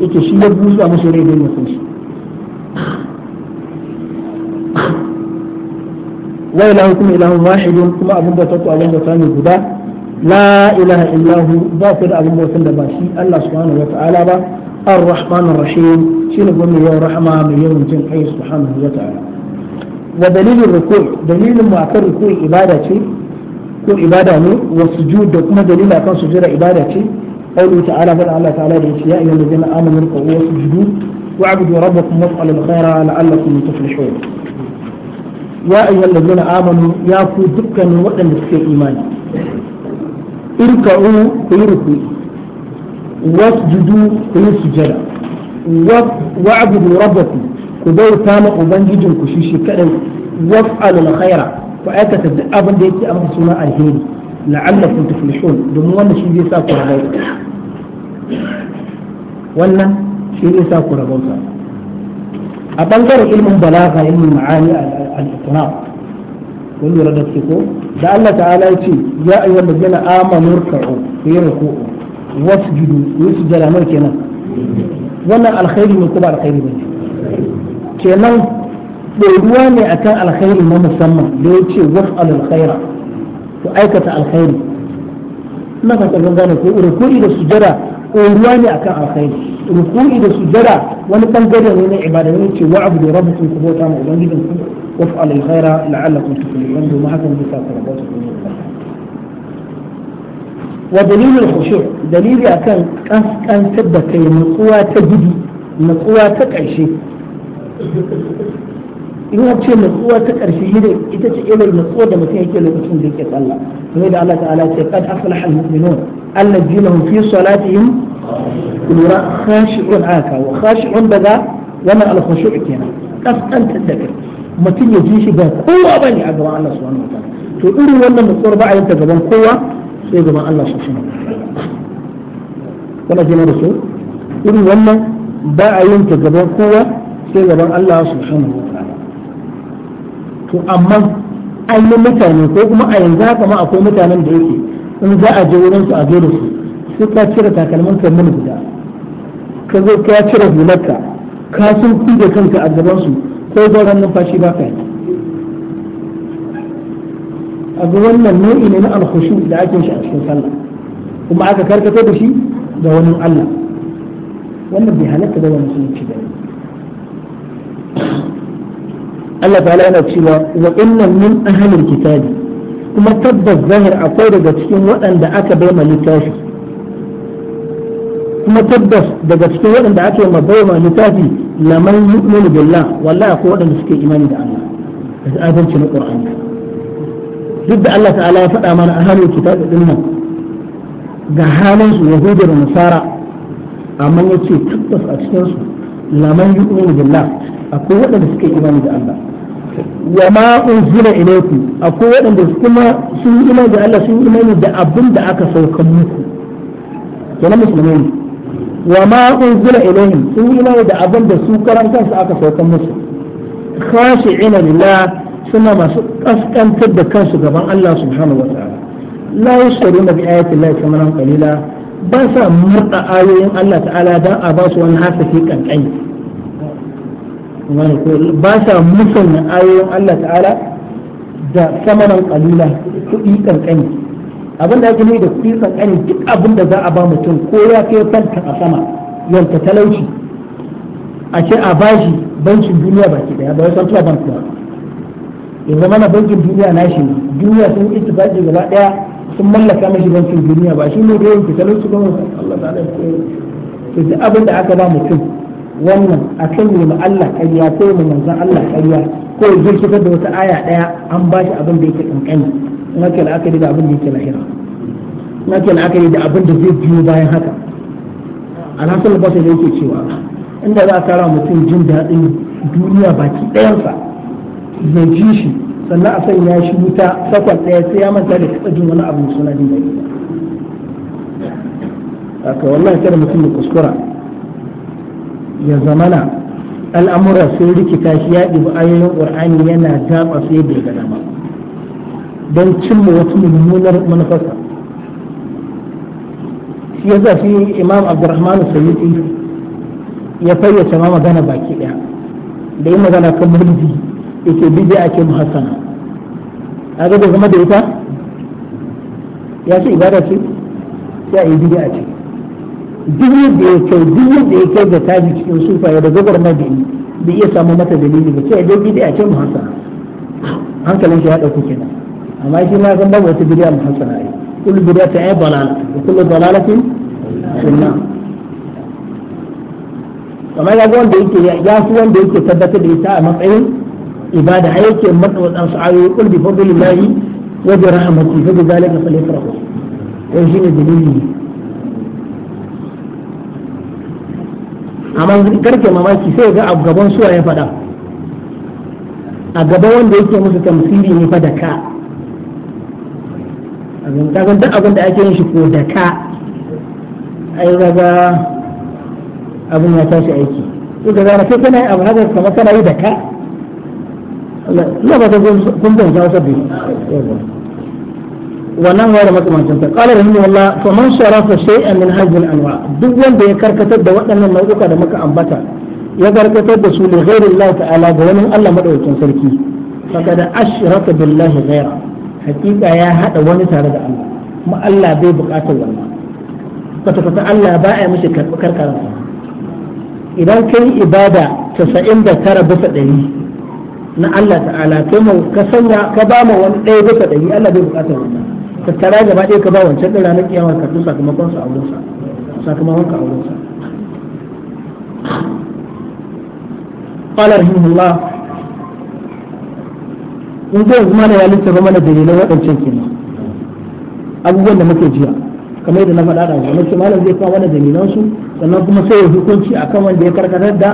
yake shi ya busa mashi rai don ya san shi wa ilahukum ilahun wahidun kuma abin bauta ku abin bauta ne guda la ilaha illahu ba ku da abin da ba shi Allah subhanahu wata'ala ba ar-rahman ar-rahim shine gwamnati yau rahama mai yawan jin kai subhanahu dalilin ruku' dalilin ma kan ibada ce ko ibada ne wa sujud da kuma dalilin akan sujuda ibada ce قوله تعالى فإن الله تعالى يا أيها الذين آمنوا اركعوا واسجدوا واعبدوا ربكم وافعلوا الخير لعلكم تفلحون يا أيها الذين آمنوا يا كو دكا من وطن في إيمان اركعوا فيركوا واسجدوا فيسجد واعبدوا ربكم كدو تاما أبنجدوا كشيشي كأن وافعلوا الخير فأتت الدعاء بنديتي أمر سنة الهيري لعلكم تفلحون دموان شيء يساكم هذا wannan shi ne sa ku rabauta a bangaren ilmin balaga ilmin ma'ani al-iqna kun lura da ko da Allah ta'ala ya ce ya ayyuhal ladina amanu ruk'u fi ruku'u wasjudu wasjudu mai kenan wannan alkhairi ne ko ba alkhairi ne kenan ɗoruwa ne akan alkhairi na musamman da ya ce wasu alkhaira ku aikata alkhairi ina ba ta gane ko ruku'i da sujada ruwa ne akan alkhairi ruku'i da sujada wani bangare ne na ibada ne ce wa abu da rabbukum ku bauta ma ubangijin ku wa fa'al alkhaira la'allakum tuflihun domin hakan zai sa ku rabauta ku ne wa dalilul khushu' dalili akan kaskantar da kai nutsuwa ta gudu nutsuwa ta ƙarshe in ya ce ta ƙarshe shine ita ce irin natsuwa da mutum yake lokacin da yake sallah kuma da Allah ta'ala ce qad aflaha al-mu'minun alladhina hum fi salatihim lura khashi'un aka wa khashi'un daga wannan al-khushu' kenan kaskantar da kai mutum ya ji shi ba kowa bane a gaban Allah subhanahu wa ta'ala to irin wannan natsuwar ba a yin ta gaban kowa sai gaban Allah subhanahu wa ta'ala kana da su irin wannan ba a yin gaban kowa sai gaban Allah subhanahu wa ta'ala to amma an yi mutane ko kuma a yanzu haka ma akwai mutanen da yake in za a je wurin su a zo da su sai ka cire takalmin ka guda ka zo ka cire hularka ka sun kuje kanka a gaban su ko zauren numfashi ba ka yi a ga wannan nau'i ne na alkhushu da ake shi a cikin sallah kuma aka karkatar da shi ga wani Allah wannan bai halatta da wani sunci da Allah ta'ala yana cewa wa innan min ahlil kitabi kuma tabbas zahir akwai daga cikin waɗanda aka bai ma littafi kuma tabbas daga cikin waɗanda aka yi bai ma littafi laman yu'minu billah wallahi akwai waɗanda suke imani da Allah da adalci na Qur'ani duk da Allah ta'ala ya faɗa mana ahlul kitabi din nan ga halin su yahudu da nasara amma yace tabbas a cikin su laman yu'minu billah akwai waɗanda suka yi imani da Allah wa ma unzila ilayku akwai waɗanda kuma sun yi imani da Allah sun yi imani da abin da aka sauka muku kenan musulmai wa ma unzila ilayhim sun yi imani da abin da su karan su aka sauka musu khashi'ina lillah suna masu kaskantar da kansu gaban Allah subhanahu wataala la yashtaruna bi ayati Allah kamaran qalila ba sa murda ayoyin Allah ta'ala dan a ba su wani hasafi kankani ba sa musanya ayoyin Allah ta'ala da samanan kalila kuɗi kankani abin da ake ne da kuɗi kankani duk abin da za a ba mutum ko ya kai fanta a sama yanka talauci a ce a bashi bankin duniya baki daya ba ya tuwa bank ba ya zama na bankin duniya na shi duniya sun yi ittifaqi gaba daya sun mallaka mashi bankin duniya ba shi ne da yanke talauci ba Allah ta'ala ya ce duk abin da aka ba mutum wannan akan nemi Allah ƙarya ko yi manzon Allah ƙarya ko ya jirkitar da wata aya ɗaya an ba shi abin da yake kankani in ake la'akari da abin da yake lahira in ake la'akari da abin da zai biyo bayan haka alhassan basa da yake cewa inda za a kara mutum jin daɗin duniya baki ɗayansa ya ji shi sannan a sanya shi wuta sakon ɗaya sai ya manta da kasa jin wani abu suna jin daɗi haka wallahi kada mutum ya kuskura ya zamana al'amura sun rikita shi ya ɗibi ayoyin ƙur'ani yana daɓa su bai gada ba don cimma wata mummunar manufarsa shi ya zafi imam abdurrahman sayyidi ya fayyace ma magana baki ɗaya da yi magana kan mulki yake bidi ake muhassana a ga da zama da ita ya ce ibada ce ya yi bidi a ce duk yadda ya kyau duk yadda ya kai ga taji cikin sufa ya da gabar madini bai iya samu mata dalili ba sai dai bid'a ce muhassana hankalin shi ya dauko kenan amma shi ma san babu wata bid'a muhassana ai kullu ta ay dalal wa kullu dalalatin sunna kamar ya ga wanda yake ya fi wanda yake tabbatar da ita a matsayin ibada ai yake matsa wadansu ayo kullu bi fadlillahi wa bi rahmatihi fa bi zalika falyafrahu dan shine dalili amma karke mamaki sai ga a gaban suwa ya faɗa a gaban wanda yake musu tamsiri ne fa da ka abin duk abin da ake yin shi ko da ka ai raga abin ya tashi aiki sai ka zara sai kana abu haka kamar kana yi da ka Allah ba ta kun ban jawo yawa wannan wayar makamancinta qala rahimahullah fa man sharafa shay'an min hadhihi al-anwa duk wanda ya karkatar da waɗannan nau'uka da muka ambata ya karkatar da su li ghairi Allah ta'ala ga wani Allah madaukakin sarki faqad ashraka billahi ghaira hakika ya hada wani tare da Allah kuma Allah bai bukatar wannan kwata kwata Allah ba a yi mishi karkarar idan kai ibada casa'in da tara bisa 100 na Allah ta'ala kai mu ka sanya ka ba mu wani ɗaya bisa ɗari Allah bai bukatar wannan tattara gaba ɗaya ka ba wancan ɗin ranar kiyama ka fi sakamakon sa aurensa sakamakon ka aurensa قال رحمه الله in zai zama yalin ya zama mana dalilan waɗancan kenan abubuwan da muke jiya kamar yadda na faɗa da wani ce malam zai kawo wani dalilan su sannan kuma sai ya hukunci akan wanda ya karkatar da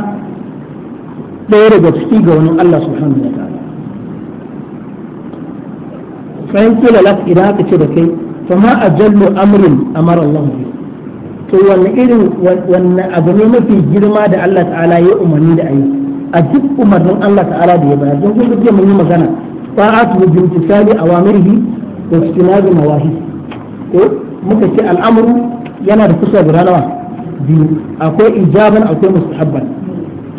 ɗaya daga ciki ga wani Allah subhanahu wa ta'ala فإن قيل لك إذا كتبك فما أجل أمر أمر الله به to wanne irin wanne abu ne mafi girma da Allah ta'ala ya umarni da ayi a duk umarnin Allah ta'ala da ya bayar don kun kuke mun yi magana ta'atu bi imtisali awamirihi wa istinabi mawahi ko muka ce al'amru yana da kusa guda nawa biyu akwai ijaban akwai mustahabban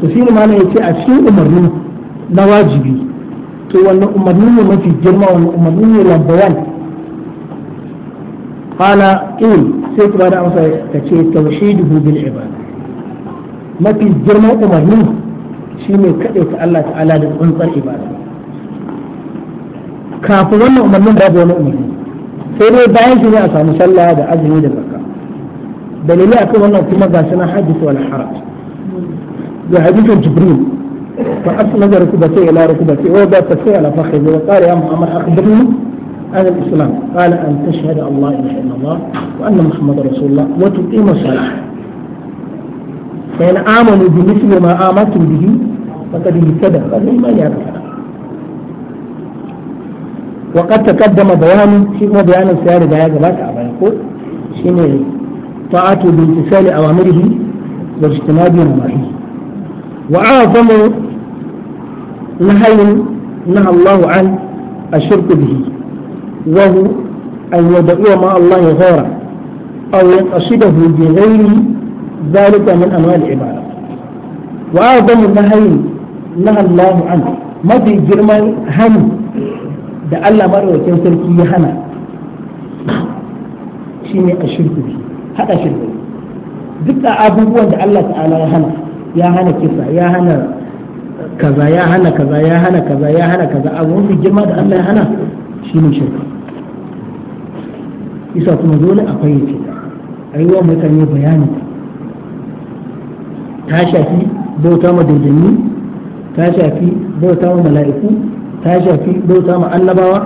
to shi ne ma ne yace a cikin umarni na wajibi to wannan umarni ne mafi girma wannan umarni ne lambawan kala il sai kuma da amsa ta ce tawhiduhu bil ibad mafi girma umarni shine kaɗai ta Allah ta'ala da tsantsar ibada kafin wannan umarnin babu wani umarni sai dai bayan shi ne a samu sallah da azumi da zakka dalilai akan wannan kuma ga sunan hadith wal haraj ga hadithin jibril فأسند ركبتي إلى ركبتي وباتتي على فخذي وقال يا محمد أخبرني عن الإسلام قال أن تشهد الله إله إلا الله وأن محمد رسول الله وتقيم الصلاة فإن آمنوا بمثل ما آمنتم به فقد اهتدى قال إيه ما يعرف وقد تقدم بيان في بيان السير ده هذا يقول شنو طاعته بامتثال أوامره واجتناب نواهيه وأعظم نهي نهى الله عن الشرك به وهو أن يدعو مع الله غيره أو يقصده بغير ذلك من أنواع العبادة وأعظم النهي نهى الله عنه ما في جرمان هم da Allah maɗaukakin sarki ya hana shi ne a shirku haɗa shirku duk abubuwan da Allah ta'ala ya hana ya hana kisa ya hana kaza ya hana kaza ya hana kaza ya hana kaza abu mafi girma da Allah ya hana shi ne shirka isa kuma dole a fahimci a yi wa mutane bayani ta shafi bauta ma dodanni ta shafi bauta ma mala'iku ta shafi bauta ma annabawa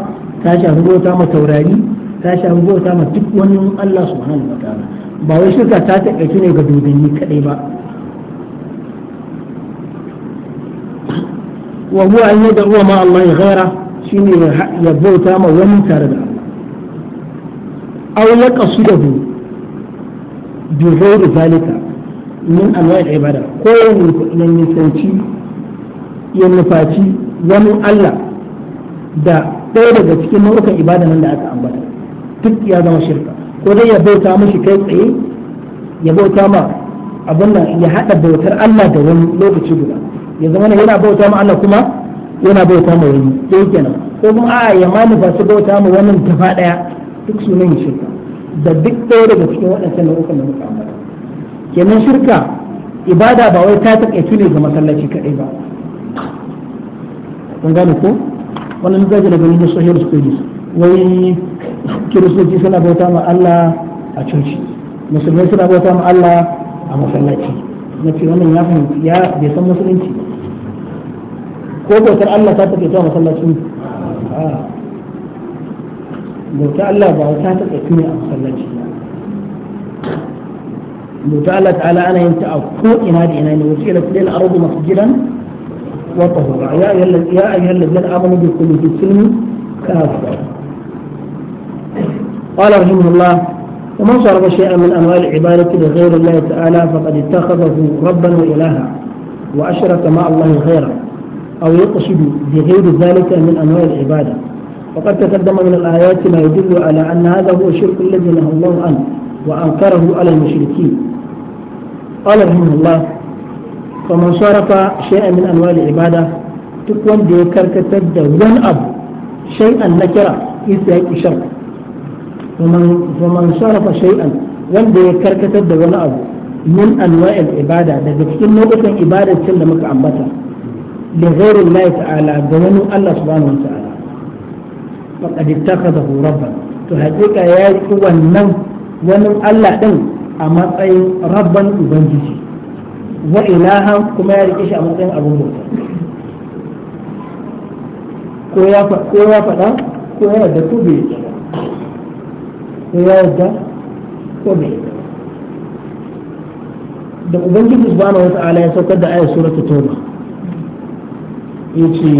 ta shafi bauta ma taurari ta shafi bauta ma duk wani Allah subhanahu wa ta'ala ba wai shirka ta taƙaice ne ga dodanni kaɗai ba wa huwa wa yadda ruwa ma Allah ya ghaira shine ya bauta ma wani tare da Allah aw ya qasidahu bi ghairi zalika min anwa'i ibada ko ya wani Allah da ɗaya daga cikin nau'ukan ibada nan da aka ambata duk ya zama shirka ko dai ya bauta mashi kai tsaye ya bauta ma abin ya haɗa bautar Allah da wani lokaci guda ya zama yana bauta ma Allah kuma yana bauta ma wani dai kenan ko kuma a ya mani ba su bauta ma wannan gaba daya duk sunan shirka da duk ɗaya daga cikin waɗancan nau'ukan da muka kenan shirka ibada ba wai ta takaitu ne ga masallaci kaɗai ba kun gane ko wannan zaji da gani na social studies wai kiristoci suna bauta ma Allah a coci musulmai suna bauta ma Allah a masallaci na ce wannan ya fahimci ya bai san musulunci ba ko bautar Allah ta take zuwa masallacin bautar Allah ba ta take ne a masallaci bautar Allah ta'ala ana yin ta a ko ina da ina ne wasu ila kudin arzu masjidan wa tahura ya ayyuhal ladzina amanu bi kulli jismi kafa قال رحمه الله ومن صرف شيئا من أموال العبادة لغير الله تعالى فقد اتخذه ربا وإلها وأشرك مع الله غيره أو يقصد بغير ذلك من أنواع العبادة وقد تقدم من الآيات ما يدل على أن هذا هو الشرك الذي نهى الله عنه وأنكره على المشركين قال رحمه الله فمن صرف شيئا من أنواع العبادة تكون بكركة كركتد أب شيئا نكرة إذا شرك ومن, ومن صرف شيئا وان دي كركتد ون أب من أنواع العبادة ده بكتن نوبة عبادة سلمك عمتها li ghairi Allah ta'ala ga wani Allah subhanahu wa ta'ala faqad ittakhadahu rabban to hakika ya yi wannan wani Allah din a matsayin rabban ubangiji wa ilahan kuma ya rike a matsayin abin ko ya faɗa ko ya da ubangiji subhanahu wa ta'ala ya saukar da ayat suratul tauba يجي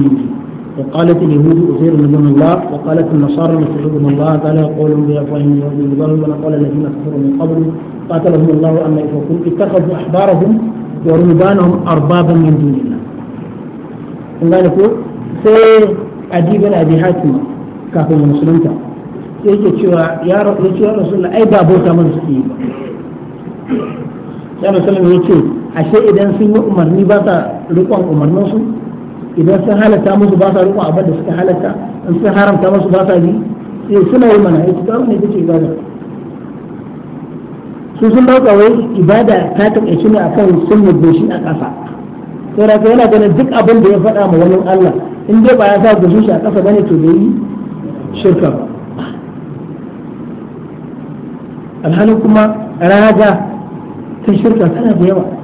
وقالت اليهود أثير من الله وقالت النصارى مسيح من الله تعالى قولهم بأفواههم ويؤمنون بما قال الذين كفروا من قبل قاتلهم الله أن يفكون اتخذوا أحبارهم ورهبانهم أربابا من دون الله إن ذلك سير أديب أبي حاتم كافر المسلمين yake cewa ya rasu ai ba bauta mana suke yi ba ya rasu ya ce ashe idan sun yi umarni ba sa idan sun halatta musu ba sa riko abin da suka halatta in sun haramta musu ba sa yi sai suna yi mana ita ta ne take ibada su sun dauka wai ibada ta takaice ne akan sun mudde shi a ƙasa sai da yana ganin duk abin da ya faɗa ma wani Allah in dai ba ya sa gushin shi a ƙasa bane to bai yi shirka ba alhalin kuma raga ta shirka tana da yawa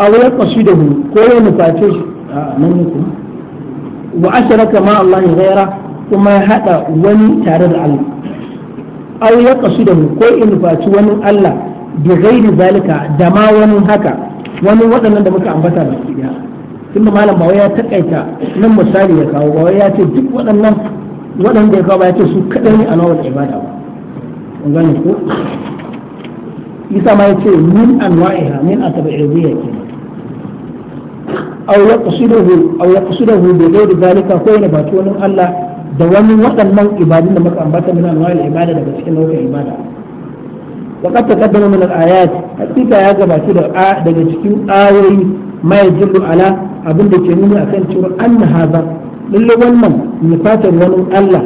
aw yaqsidahu ko ya nuface shi a nan ne kuma wa asharaka ma Allah ghaira kuma ya hada wani tare da Allah aw yaqsidahu ko ya nufaci wani Allah bi ghairi zalika da ma wani haka wani waɗannan da muka ambata baki daya tunda malam ba ya takaita nan misali ya kawo ba ya ce duk waɗannan waɗanda ya kawo ba ya ce su kaɗai ne a nawar ibada ko ma ya ce min anwa'iha min aw yaqsiduhu aw yaqsiduhu bi ghairi zalika ko yana baci wani Allah da wani waɗannan ibadun da muka ambata min anwa'il daga cikin ibada وقد تقدم من الآيات حقيقة يا جماعة daga cikin ayoyi ma yadullu ala abin da ke nuna akan cewa anna hadha lalle wannan nifatar wani Allah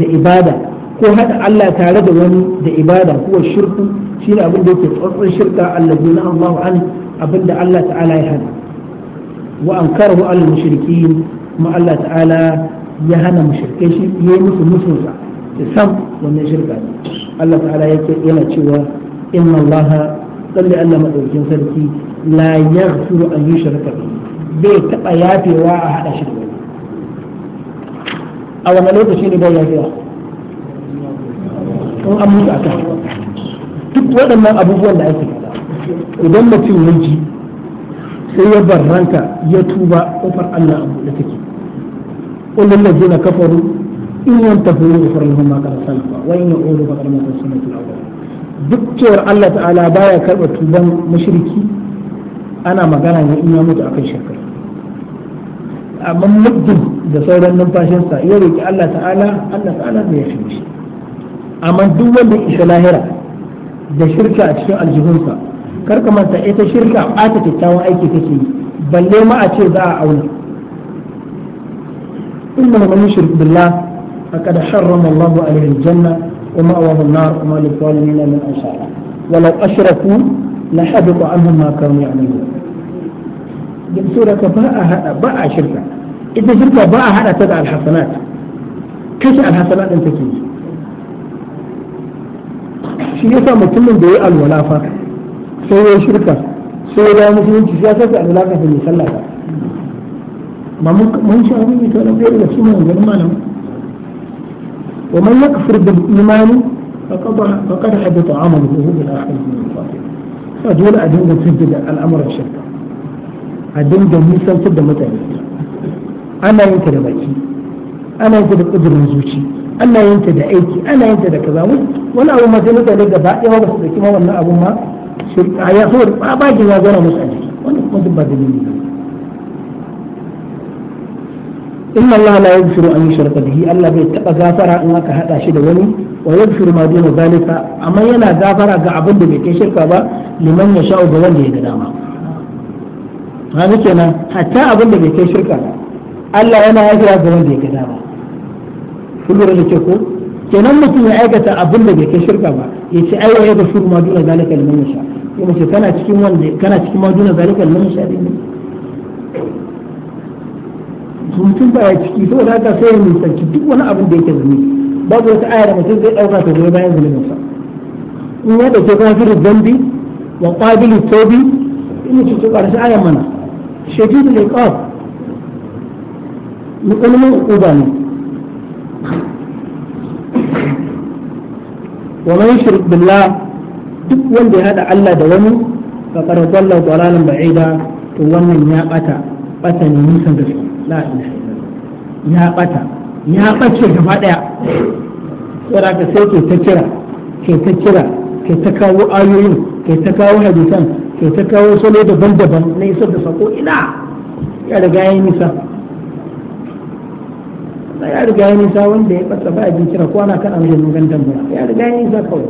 da ibada ko hada Allah tare da wani da ibada ko shirku shine abin da yake tsotsin shirka Allah na Allahu an abin da Allah ta'ala ya hada wa ankarahu al mushrikin kuma ya hana mushrikai shi yayi musu musunsa da sam wannan shirka Allah ta'ala yake yana cewa inna Allah tsalle Allah madaukakin sarki la yaghfiru an yushraka bihi bai taba yafewa a hada shi da wani a wannan ne bai yafewa in an duk waɗannan abubuwan da ake idan mutum ya ji sai ya barranta ya tuba kofar Allah a buɗe take kullum da jina kafaru in yan tafi yin kofar lahun ma kada salafa wa in ya'udu fa kalma ta sunnatu al-awwal duk cewar Allah ta'ala baya karɓa tuban mushriki ana magana ne in ya mutu akan shirka amma muddin da sauran numfashinsa ya riƙe Allah ta'ala Allah ta'ala zai yafi shi amma duk wanda ya isa lahira da shirka a cikin aljihunsa karka manta ita shirka ɓata kyakkyawan aiki take yi balle ma a ce za a auna inna ma man billa a kada sharrama Allah alayhi janna wa ma'awahu an-nar wa ma lil-zalimin min ansar walau ashraku la habita anhum ma kanu ya'malun da sura ka ba a hada ba a shirka ita shirka ba a hada ta da al-hasanat kashe al-hasanat din take yi shi yasa mutumin da ya alwala fa sai ya shirka sai ya dawo musulunci sai ya sake alaka da mai sallah ba ba mun sha abin ita da bai da sunan ganin malam wa man yakfur bil imani faqad habita amaluhu bil da min al-kafir sai dole a dinga da al'amuran shirka a dinga nisantar da mutane ana yin ta da baki ana yin ta da kudurin zuci ana yin ta da aiki ana yin ta da kaza wani abu ma sai mutane gaba ya ba su dauki ma wannan abun ma shirka ya saboda tsabagen ya gwada musu a jiki wannan kuma duk ba dalili ba inna Allah la yaghfiru an yushraka bihi Allah bai taba gafara in aka hada shi da wani wa yaghfiru ma duna zalika amma yana gafara ga abin da bai kai shirka ba liman ya sha'u ga wanda ya ga dama haka kenan hatta abin da bai kai shirka Allah yana yaghfira ga wanda ya ga dama kun lura da ke ko kenan mutum ya aikata abin da bai kai shirka ba ya ce ai ya bashiru ma duna zalika liman yasha ko mace kana cikin wanda kana cikin ma duna zalika liman yasha din ne mutum ba ya ciki saboda haka sai ya nisanci duk wani abin da yake zunubi babu wata aya da mutum zai dauka ta goyi bayan zunubinsa in ya dauke kuma firin zambi wa qabili tobi in mutum ta karshe aya mana shadidul iqab mutum ne uba ne wa man yushrik billah duk wanda ya hada Allah da wani faqad dalla dalalan ba'ida to wannan ya bata bata ne nisan gaske la ilaha ya bata ya bace gaba daya saboda ka sai ke ta kira ke ta kira ke ta kawo ayoyin ke ta kawo hadisan ke ta kawo salo daban-daban na isar da sako ina ya riga ya yi nisa na ya riga ya nisa wanda ya ɓata ba a jin kira ko ana kan amsa dogon tambaya ya riga ya nisa kawai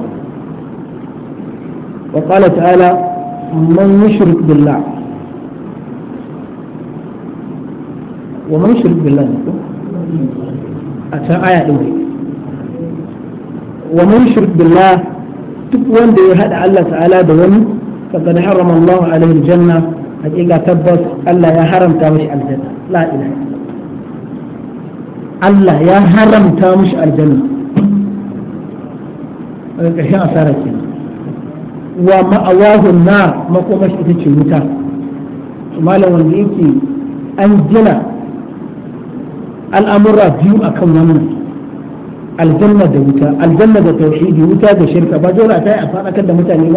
wa qala ta'ala man yushrik billah wa man yushrik billah a can aya ɗin wa man yushrik billah duk wanda ya hada Allah ta'ala da wani faqad harrama Allah alaihi aljanna hakika tabbas Allah ya haramta mashi aljanna la ilaha Allah ya haramta mushi aljanna daga ƙarshen asara ke wa ma'awahun na makomashi ita ce wuta malam wanda yake an gina al'amura biyu a akan wannan aljanna da wuta aljanna da tauhidi wuta da shirka ba dole a ta yi a faɗakar da mutane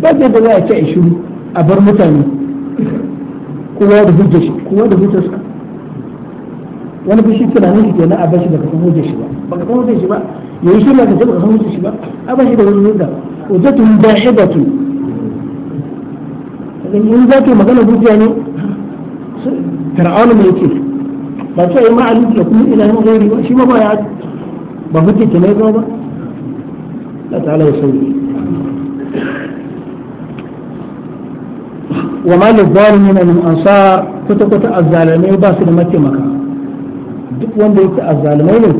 ba ba zai da za a ce a shiru a bar mutane kowa da hujjar kowa da hujjar wani fushi tunanin shi kenan na abashi baka san hujjar shi ba baka san hujjar shi ba yayi shi baka san hujjar shi ba abashi da wani hujja hujjatun bahidatu idan in za ka magana hujja ne fir'auna mai ce ba ce ai ma alim da kuma ina yin gairi ba shi ma ba ya ba hujja kenan ba ba Allah ta'ala ya sauke وما للظالمين من أنصار كتكت الظالمين باس لمكة مكان duk wanda yake a azzalumai ne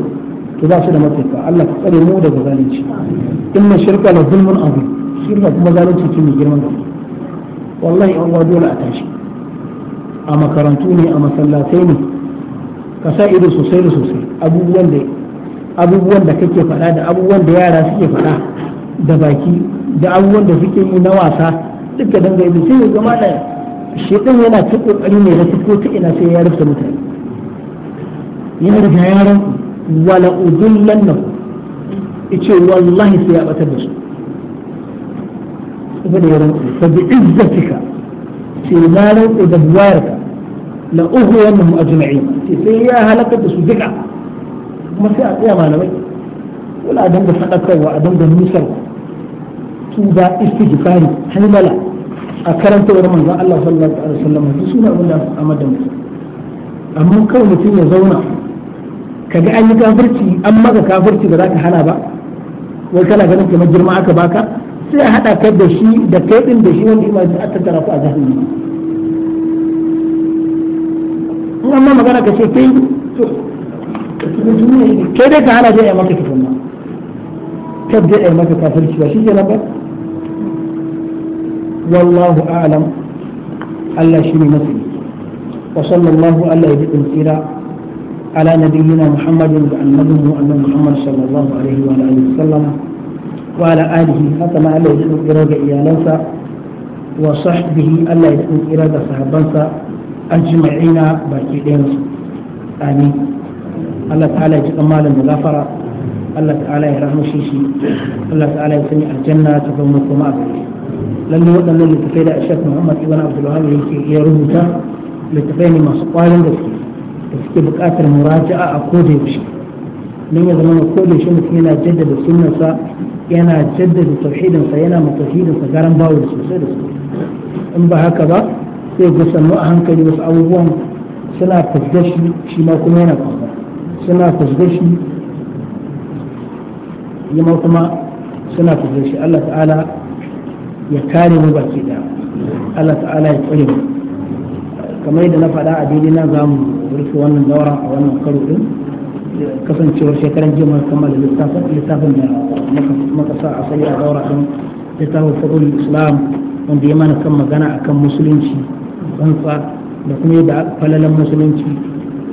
to ba su da mataimaka Allah ka tsare mu daga zalunci inna shirka la zulmun abu shirka kuma zalunci ce mai girman gaske wallahi an wa dole a tashi a makarantu ne a masallatai ne ka sa ido sosai da sosai abubuwan da abubuwan da kake faɗa da abubuwan da yara suke faɗa da baki da abubuwan da suke yi na wasa duka dangane sai ya zama da shi yana ta kokari ne na fito ta ina sai ya rufe mutane yana riga yaron wala udullan na ice wallahi sai ya batar da su saboda yaron fa bi izzatika sai na rantsa da buwarka la uhu wannan ajma'in sai ya halakar da su duka kuma sai a tsaya malamai wala a danga sadakarwa a danga nusarwa tuba istighfari halmala a karantawar manzon Allah sallallahu alaihi wasallam su suna abin da Ahmad da amma kawai mutum ya zauna ka ga an yi kafirci an maka kafirci da za ka hana ba wai kana ganin kamar girma aka baka sai a haɗa kai da shi da kai ɗin da shi wanda ima su aka tara ku a jahannama in amma magana ka ce kai kai dai ka hana dai a maka tukunna kar dai a maka kafirci ba shi ke nan ba والله أعلم ألا شنو مثلي وصلى الله على يدكم سيرا على نبينا محمد وعلمه أن محمد صلى الله عليه اله وسلم وعلى آله حتما ألا يدعو إرادة ايالنسا وصحبه ألا يدعو إرادة صحبانسا أجمعين باكيدين آمين الله تعالى يجعل مالا مغافرة الله تعالى يرحم شيشي الله تعالى يسمي الجنة تضمكم أبدا لن يؤمن لتفيد الشيخ محمد ابن عبد الوهاب يا رب لتفيد ما لنفسه da suke bukatar muraja'a a koda yaushe don ya zama koda yaushe mutum yana jaddada sunansa yana jaddada tauhidinsa yana ma tauhidinsa garan bawul sosai da in ba haka ba sai ga sannu a hankali wasu abubuwan suna fasda shi ma kuma yana fasda suna fasda yi ma kuma suna fasda Allah ta'ala ya kare mu baki daya Allah ta'ala ya tsare mu kamar yadda na faɗa a daidai na zamu rufe wannan daura a wannan karo din kasancewar shekaran jiya muka kammala littafin littafin da muka sa a sai a daura din littafin fadul islam wanda ya mana kan magana akan musulunci tsantsa da kuma yadda falalan musulunci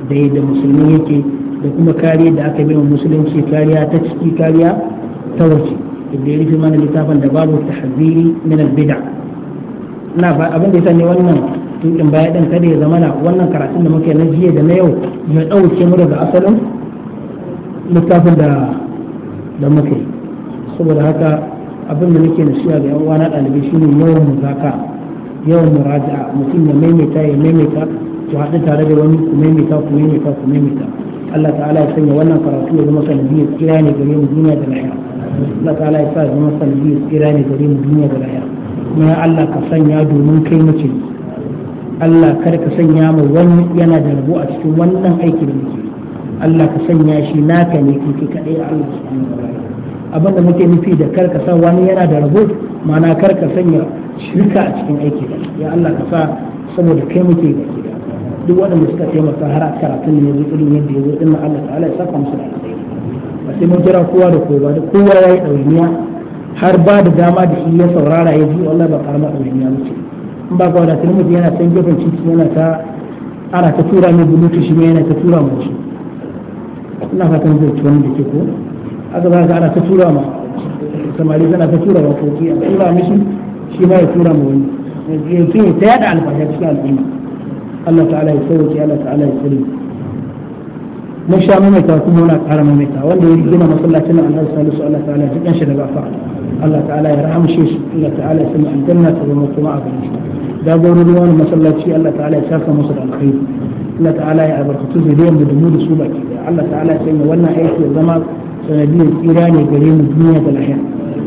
da yadda musulmi yake da kuma kariya da aka bai wa musulunci kariya ta ciki kariya ta waje da ya rufe mana littafin da babu tahziri min al na abin da ya ne wannan tukin baya din kada ya zamana wannan karatun da muke na jiya da na yau ya ɗauke mu daga asalin littafin da da muke saboda haka abin da nake nasiha ga yan na ɗalibai shine yawan muzaka yawan muraja'a mutum ya maimaita ya maimaita ku haɗu tare da wani ku maimaita ku maimaita ku maimaita Allah ta'ala ya sanya wannan karatu ya zama sanadiyar tsira ne gare mu duniya da lahira Allah ta'ala ya sa ya zama sanadiyar tsira ne gare mu duniya da lahira kuma ya Allah ka sanya domin kai mace Allah kar ka sanya mu wani yana da rabo a cikin wannan aikin da muke Allah ka sanya shi naka ne kike kadai Allah subhanahu wa ta'ala abinda muke nufi da kar ka sa wani yana da rabo kar ka sanya shirka a cikin aiki da ya Allah ka sa saboda kai muke baki da duk waɗanda suka taimaka har a karatun ne yanzu irin yadda yanzu din Allah ta'ala ya saka musu da alheri ba sai mun jira kowa da kowa da kowa yayi ɗauniya har ba da dama da shi ya saurara ya ji Allah ba karama ɗauniya mutum ba ga wadatar mutum yana can gefen ciki yana ta ana ta tura mai bulutu shi yana ta tura mu shi ina fatan zai ci wani da ke ko aka ba ka ana ta tura ma samari tana ta tura ma koki a tura mishi shi ma ya tura ma wani yanzu ya ta yada alfahar cikin al'umma Allah ta'ala ya sauke Allah ta'ala ya tsiri mun sha mamaita kuma muna ƙara mamaita wanda ya gina masallacin annabi salisu Allah ta'ala ya tukan shi daga fa Allah ta'ala ya rahamshe shi Allah ta'ala ya sami aljanna ta zama kuma a gaban shi jagororin wani masallaci Allah ta'ala ya saka musu da alkhairi Allah ta'ala ya albarkatu zuriyar da mu da su baki Allah ta'ala ya sanya wannan aiki ya zama sanadiyar tsira ne gare mu duniya da lahiya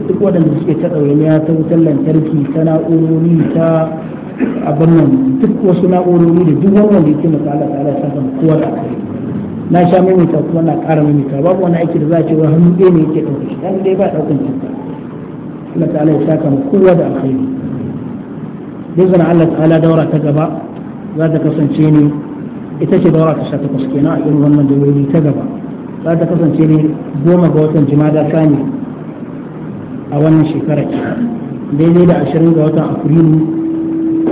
duk waɗanda suke ta ɗawainiya ta wutar lantarki ta na'urori ta abin nan duk wasu na'urori da duk wannan da yake masa Allah ta'ala ya saka mu kowa da na sha maimaita kuma na ƙara maimaita babu wani aiki da za a ce wa hannu ɗaya ne yake ɗauke shi hannu ɗaya ba ɗaukan cuta Allah ta'ala ya saka mu kowa da alkhairi bizan Allah ta'ala daura ta gaba za ta kasance ne ita ce daura ta sha takwas kenan a irin wannan daurori ta gaba za ta kasance ne goma ga watan jimada sani a wannan shekara daidai da ashirin ga watan afrilu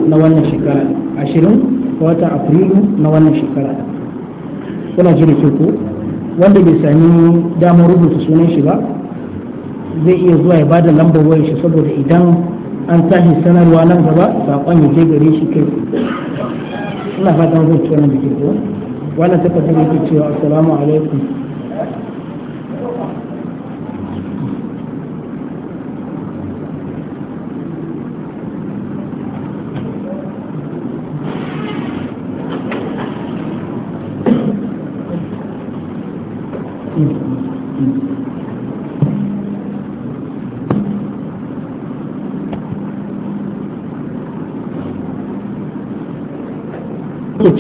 na wannan shekara ashirin ga watan afrilu na wannan shekara kuna ji da ko wanda bai sami damar rubuta sunan shi ba zai iya zuwa ya ba da lambar wayar shi saboda idan an tashi sanarwa nan gaba saƙon ya je gare shi kai ina fatan zai ci wannan da ke ko wannan takardar yake cewa assalamu alaikum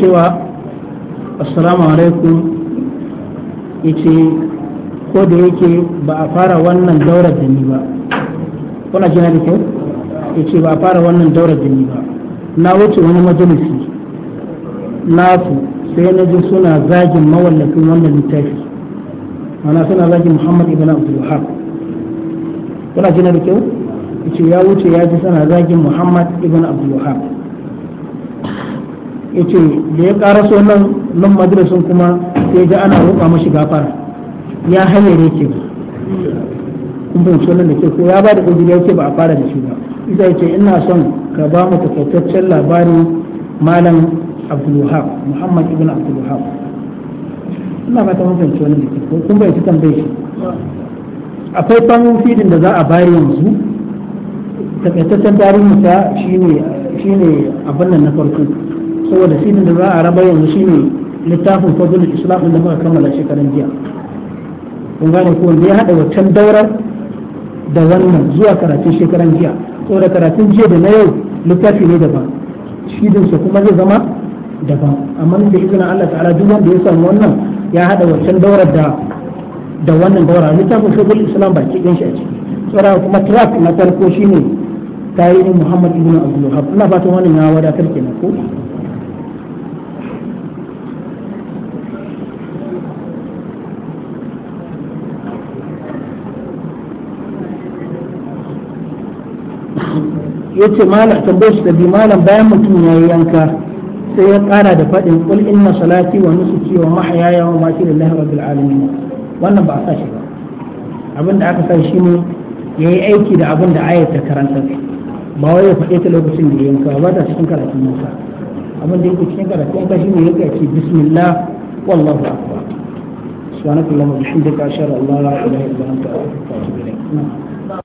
cewa assalamu alaikum yace ko da yake ba a fara wannan daurar da ni ba kuna jina da kyau yace ba a fara wannan daurar da ni ba na wuce wani majalisi nasu sai na ji suna zagin mawallafin wannan littafi mana suna zagin muhammad ibn abdul wahab kuna jina da kyau yace ya wuce ya ji suna zagin muhammad ibn abdul wahab yace da ya karaso nan nan madrasun kuma sai ji ana roƙa mashi gafara ya hanyare ke kun fahimci wannan da ke ko ya ba da ƙudiri ya ce ba a fara da shi ba ita yake ina son ka ba mu takaitaccen labarin malam abdulwahab muhammad ibn abdulwahab ina ba ta mafanci wannan da ke ko kun bai ci tambayi shi akwai fangon filin da za a bayar yanzu takaitaccen tarihinsa shine shine abin nan na farko saboda sidin da za a raba yanzu shine littafin fadlul islam da muka kammala shekaran jiya kun gane ko ya hada wancan daurar da wannan zuwa karatun shekaran jiya saboda karatun jiya da na yau littafi ne daban sidin kuma zai zama daban amma da izinin Allah ta'ala duk wanda ya samu wannan ya hada wancan daurar da da wannan daura littafin fadlul islam ba ki shi a ciki saboda kuma track na farko shine tarihin Muhammad ibn Abdul Wahab ina fatan wannan ya wadatar kenan ko ya ce malam tambayar shi da bi malam bayan mutum ya yi yanka sai ya kara da faɗin kul inna salati wa nusuki wa mahayaya wa mati lillahi rabbil alamin wannan ba a sashi ba abin da aka sa shi ne ya yi aiki da abin da ayat ta karanta ba wai ya faɗe ta lokacin da ya yanka ba ta cikin karatun musa abin da yake cikin karatun yanka shi ne ya yake ce bismillah wallahu akbar subhanakallahumma wa bihamdika ashhadu an la ilaha illa anta astaghfiruka wa atubu ilayk